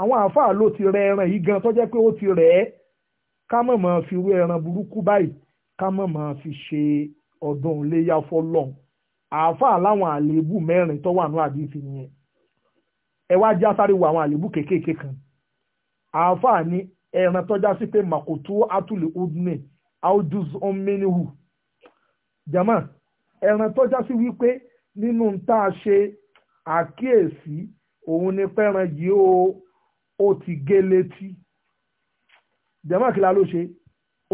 àwọn àáfàá ló ti rẹ ẹran yìí gan tó jẹ́ pé ó ti rẹ̀ ẹ́ ká má máa fi wé ẹran burúkú báyìí ká má máa fi ṣe ọdún iléyà fọlọ́n àáfàá láwọn àléébù mẹ́rin tó wà ní àdìsí yẹn ẹ wá já sáré wo àwọn àléébù kéékèèké kan àáfàá ní ẹran tọ́já sí pé màkòtó átùlé udne audus omenihu jama ẹran tọ́já sí wípé nínú tá a ṣe àkíyèsí òun ni pẹ́ran yìí ó ti gé létí jẹ́mọ́ la ló ṣe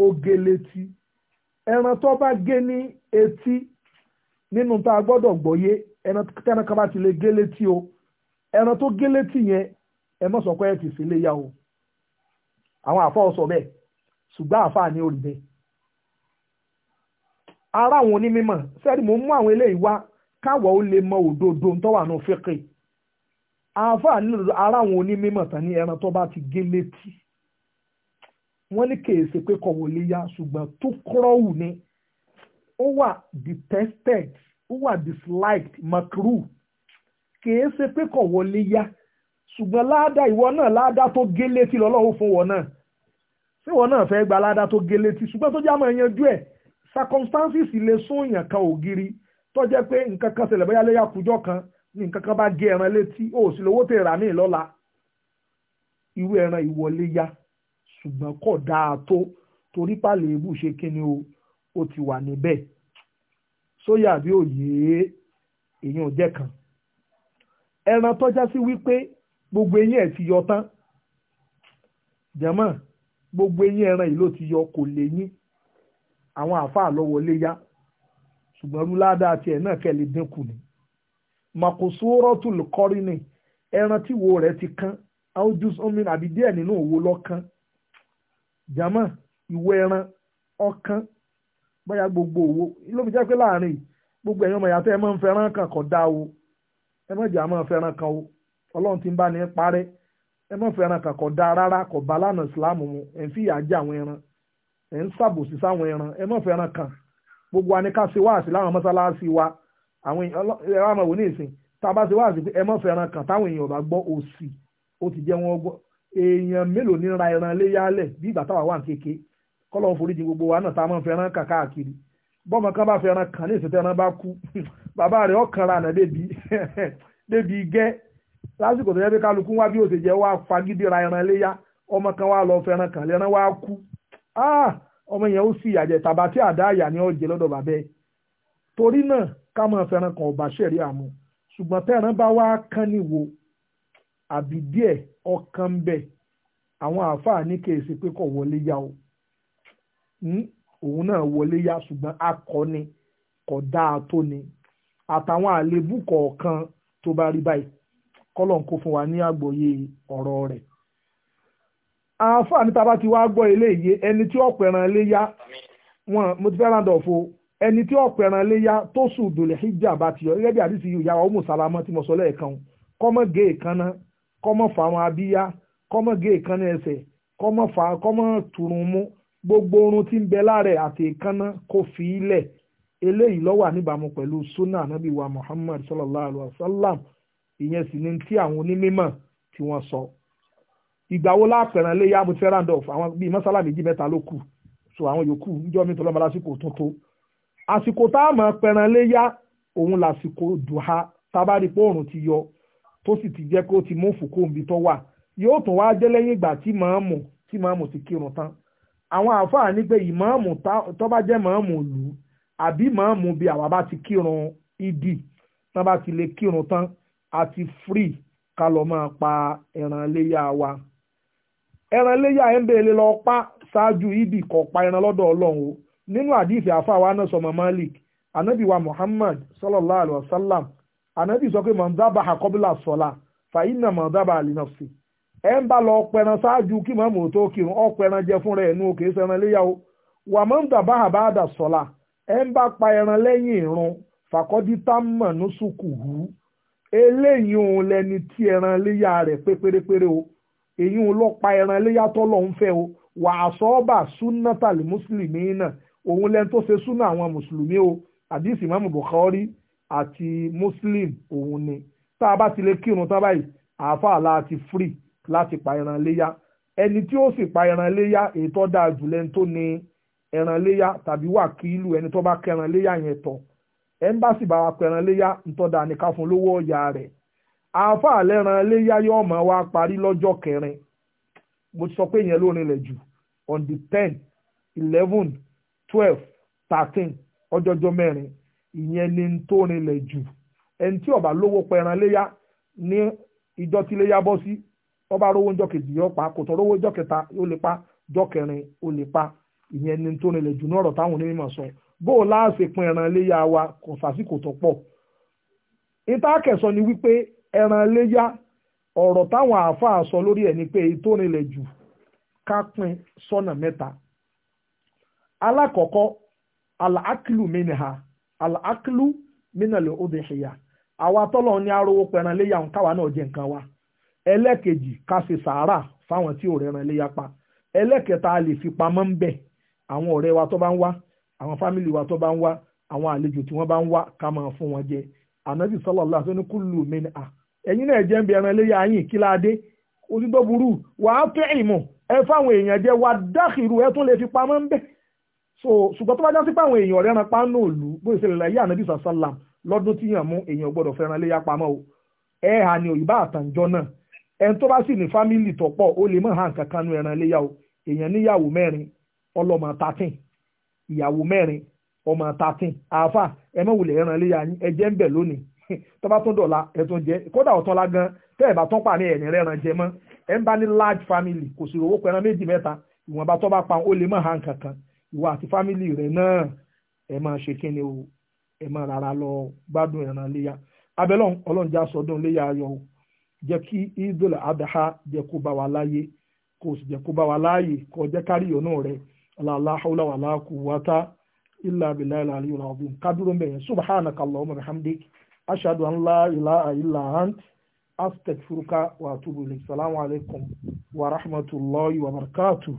ó gé létí ẹran tó bá gé ní etí nínú tá a gbọ́dọ̀ gbọ́yé ẹran tẹ́ran kan bá ti lè gé létí o ẹran tó gé létí yẹn ẹ mọ̀ sọ pé ẹ ti sílé yá o àwọn àfáà sọ bẹ́ẹ̀ ṣùgbọ́n àfáà ní orí bẹ́ẹ̀ ara àwọn onímọ̀ sẹ́ẹ̀dì mo mú àwọn eléyìí wá káwọ̀ ó lè mọ òdodo tó wà nù fíkì àfáà nílò ara àwọn onímọ̀ tán ní ẹran tó bá ti gé létí wọ́n ní kèé ṣe pé kọ̀wò lè yá ṣùgbọ́n tó kúrọ̀wù ni ó wà detested ó wà disliked makru kèé ṣe pé kọ̀wò lè yá ṣùgbọ́n láàdá ìwọ náà láàdá tó gé létí lọ́lọ́wọ́ fún wọn náà ṣé wọn náà fẹ́ gba láàdá tó gé létí ṣùgbọ́n tó jámọ̀ yanjú ẹ̀ circumstances lè sún èèyàn kan ògiri tó jẹ́ pé nǹkan kan ṣẹlẹ̀ bóyá lẹ́yà kújọ́ kan ní nǹkan kan bá gé ẹran létí ó sì lówó tèrà míì lọ́la irú ẹran ìwọlé yá ṣùgbọ́n kò dáa tó torí pàlẹ́ ebú ṣe kíni o ó ti wà níbẹ̀ sóyà bí òye èyàn ò jẹ́ kan ẹran tọ́já sí wípé gbogbo eyín ẹ̀ ti yọ tán jẹ́mọ́ gbogbo eyín ẹran yìí ló ti yọ kò léyìn àwọn àáfàá lọ́wọ́ lé yá ṣùgbọ́n rúládàá tiẹ̀ náà kẹ́lẹ́ dínkù ni màkòsórọ́tù kọ́rí ni ẹran tíwo rẹ̀ ti kán áójú omi àbí díẹ̀ nínú òwò lọ́kàn jàmọ́ iwe ẹran ọkàn bóyá gbogbo òwò ló fi jẹ́ pé láàrin gbogbo ẹ̀yin ọmọ ìyàtọ̀ ẹ máa ń fẹ́ràn kan kọ̀ dá o ẹ má jẹ́ àmọ́ fẹ́ràn kan o ọlọ́run ti ń bá ní parẹ́ ẹ má fẹ́ràn kan kọ̀ mu ẹ̀ ń àwọn ẹran ẹ̀ ń sáwọn ẹran ẹ gbogbo wa àwọn ìsìn a bá pé ẹ má fẹ́ràn kan táwọn èèyàn èèyàn mélòó ní ra ẹran léyàálẹ̀ bí ìgbà táwa wà nkeke kéke kọ́lọ́ foríjì gbogbo wa náà tá a máa ń fẹ́ràn kàn káàkiri bọ́mọ kan bá fẹ́ràn kàn ní ìsìtẹ́ ẹran bá kú [LAUGHS] bàbá rẹ̀ ọ̀kan ra débi [LAUGHS] débi gẹ́ lásìkò tó yẹ pé kálukú wá bí wá fagídí ra ẹran léyà ọmọ kan wá lọ kàn lẹ́ran wá kú ah! ọmọ yẹn ó àdá àyà ni lọ́dọ̀ torí náà ká máa fẹ́ràn àmú ṣùgbọ́n àbí díẹ̀ ọkàn bẹ̀ àwọn àáfàá ní kì í pé kò wọlé yá o hmm, òun náà wọlé yá ṣùgbọ́n akọni kò dáa tó ni àtàwọn àlébù kọ̀ọ̀kan tó bá rí báyìí kọ́lọ̀ kó fún wa ní àgbọ́yé ọ̀rọ̀ rẹ̀ àáfàá níta bá ti wá gbọ́ eléyìí ẹni tí ọ̀pọ̀ ẹran léyà wọn mo ti fẹ́ ràn dọ̀fọ́ ẹni tí ọ̀pọ̀ ẹran tó sùn dòlẹ̀ hijab àti àdìsí tí mo sọ lẹ́ẹ̀kan kọ́mọ́gé kọ́mọ́ fà wọn abíyá kọ́mọ́ gé èékánná ẹsẹ̀ kọ́mọ́ fà kọ́mọ́ tùrùn mú gbogbo orun tí ń bẹ láàrẹ àti èékánná kó fi í lẹ̀ eléyìí ló wà níbàámu pẹ̀lú sunnah anabi wa muhammad sallallahu alaihi wa sallam ìyẹn sì ni tí àwọn onímọ̀ tí wọ́n sọ ìgbà wo láàpẹ̀rẹ̀ lé yàgò tí àwọn bíi mọ́sálà méjì mẹ́ta ló kù so àwọn yòókù níjọ́ mi tọ́lọ́mọ lásìkò tuntun àsìkò tá a mọ̀ pẹ̀rẹ̀ lé yá òun làsìkò dùhà tábàdì pé ti yọ tó sì ti jẹ́ kó ti mú fòkóǹbi tó wà yóò tún wáá jẹ́ lẹ́yìn ìgbà tí màámù tí ti kírun tán àwọn àáfàá ní pé ìmáàmù tó bá jẹ́ màámù lù ú àbí màámù bí àwa bá ti kírun ìdì tán bá ti lè kírun tán àti free ká lọ máa pa ẹran iléyà wa ẹran iléyà lọ pa ṣáájú ìdì kọ pa ẹran lọ́dọ̀ ọlọ́run o nínú àdìsí àáfàá wa náà Malik anabiwa Muhammad sallallahu wa ànábì sọ pé mọ̀ndábà àkọ́bílà sọ́lá fàyínà mọ̀ndábà àlìnàfsì ẹ̀ ń bá lọ pẹran ṣáájú kí mọ̀mọ́ tó kírun ọ jẹ fúnra ẹ̀ òkè wà àbáàdà ń bá pa ẹran lẹ́yìn ìrun fàkọ́dí támọ̀ ní sùkùhù eléyìí òun lẹni tí ẹran léyà rẹ̀ pé o èyí òun lọ pa ẹran ń fẹ́ o wà àsọ́ọ́bà mùsùlùmí náà òun lẹni tó ṣe àwọn mùsùlùmí o àdìsí àti muslim òun ni tá a bá ti lè kírun tán báyìí àáfàá láti free láti pa ẹran léyà ẹni tí ó sì pa ẹran léyà èyí tó dáa jù lẹ́ni tó ní ẹran léyà tàbí wà kí ìlú ẹni tó bá kẹran léyà yẹn tọ̀ ẹ̀ńbàsì bá wa pẹ̀ran léyà ntọ́da ni ká fún lówó ọ̀yà rẹ̀ àáfàá lẹ́ran léyà yóò máa wá parí lọ́jọ́ kẹrin mo ti sọ pé ìyẹn ló rinlẹ̀ jù on the ten eleven twelve thirteen ọjọ́jọ́ mẹ́rin ìyẹn ni ń tó rinlẹ̀ jù ẹni tí ọba lówó pẹran ní bọ́ sí rówó kejì pa kò tó rówó ọjọ́ kẹta ó lè pa kẹrin ó lè pa ìyẹn ni ń tó rinlẹ̀ jù ní ọ̀rọ̀ táwọn onímọ̀ sọ pin ẹran wa kò tó pọ̀ wípé ẹran ọ̀rọ̀ táwọn àáfàá sọ lórí ẹ̀ pé rinlẹ̀ jù ká sọ́nà mẹ́ta alákọ̀ọ́kọ́ Alaklu mínàlẹ̀ òde ṣìyà àwa tọ́lọ̀ ní arówó pẹran léyà ń káwa náà jẹ nǹkan wa ẹlẹ́ẹ̀kejì ká ṣe sàárà fáwọn tí ò rẹran léyà pa ẹlẹ́ẹ̀kẹta a lè fi pamọ́ ń bẹ̀ àwọn ọ̀rẹ́ wa tó bá ń wá àwọn fámìlì wa tó bá ń wá àwọn àlejò tí wọ́n bá ń wá ká máa fún wọn jẹ ànábì sallallahu alaihi wasallam kúlù mi ni à ẹ̀yin náà jẹ́ ń bẹ ẹran léyà yín kí láadé òtítọ́ burú wàá tẹ́ ìmọ̀ ẹ fáwọn èèyàn jẹ wàá dákìrú ẹ tún lè fi pamọ́ ń bẹ̀ so ṣùgbọ́n tó bá já sí pé àwọn èèyàn rẹ̀ ẹran pánú òlu bó ṣe lè yá ànábì sàṣàlám lọ́dún tí yàn mú èèyàn gbọ́dọ̀ fẹ́ ẹran léyà pamọ́ o ẹ hà ní òyìnbá àtàǹjọ́ náà ẹn tó bá sì ní fámìlì tó pọ̀ ó lè mọ̀ hàn kankan nu ẹran léyà o èèyàn níyàwó mẹ́rin ọlọ́mọ tatin ìyàwó mẹ́rin ọmọ tatin àáfà ẹ mọ̀ wulẹ̀ ẹran léyà yín ẹ jẹ́ ń bẹ̀ lónìí [LAUGHS] tó bá tún la gan tẹ́ ẹ̀ bá tán pàmì ẹ̀yìn rẹ̀ ẹran jẹ mọ́ ẹ ń large family kò sì rówó pẹ̀ràn méjì mẹ́ta ìwọ̀nba tó bá pa ó lè ìwà àti fámìlì rẹ̀ náà ẹ máa ṣe kíni o ẹ máa rárá lọ gbádùn ẹran léyà abẹ́lọ́ ọlọ́run já sọdún léyà ayọ̀ o jẹ́ kí idul adaha jẹ́ kó bá wa láyé kó sì jẹ́ kó bá wa láàyè kó jẹ́ kárí ìyọ̀nù rẹ̀ la hawla wala quwwata illa billahi al-aliyyil azim kádúró mẹ́yẹn subhanaka allahumma bihamdik ashhadu an la ilaha illa ant astaghfiruka wa atubu ilayk salamu alaykum wa rahmatullahi wa barakatuh.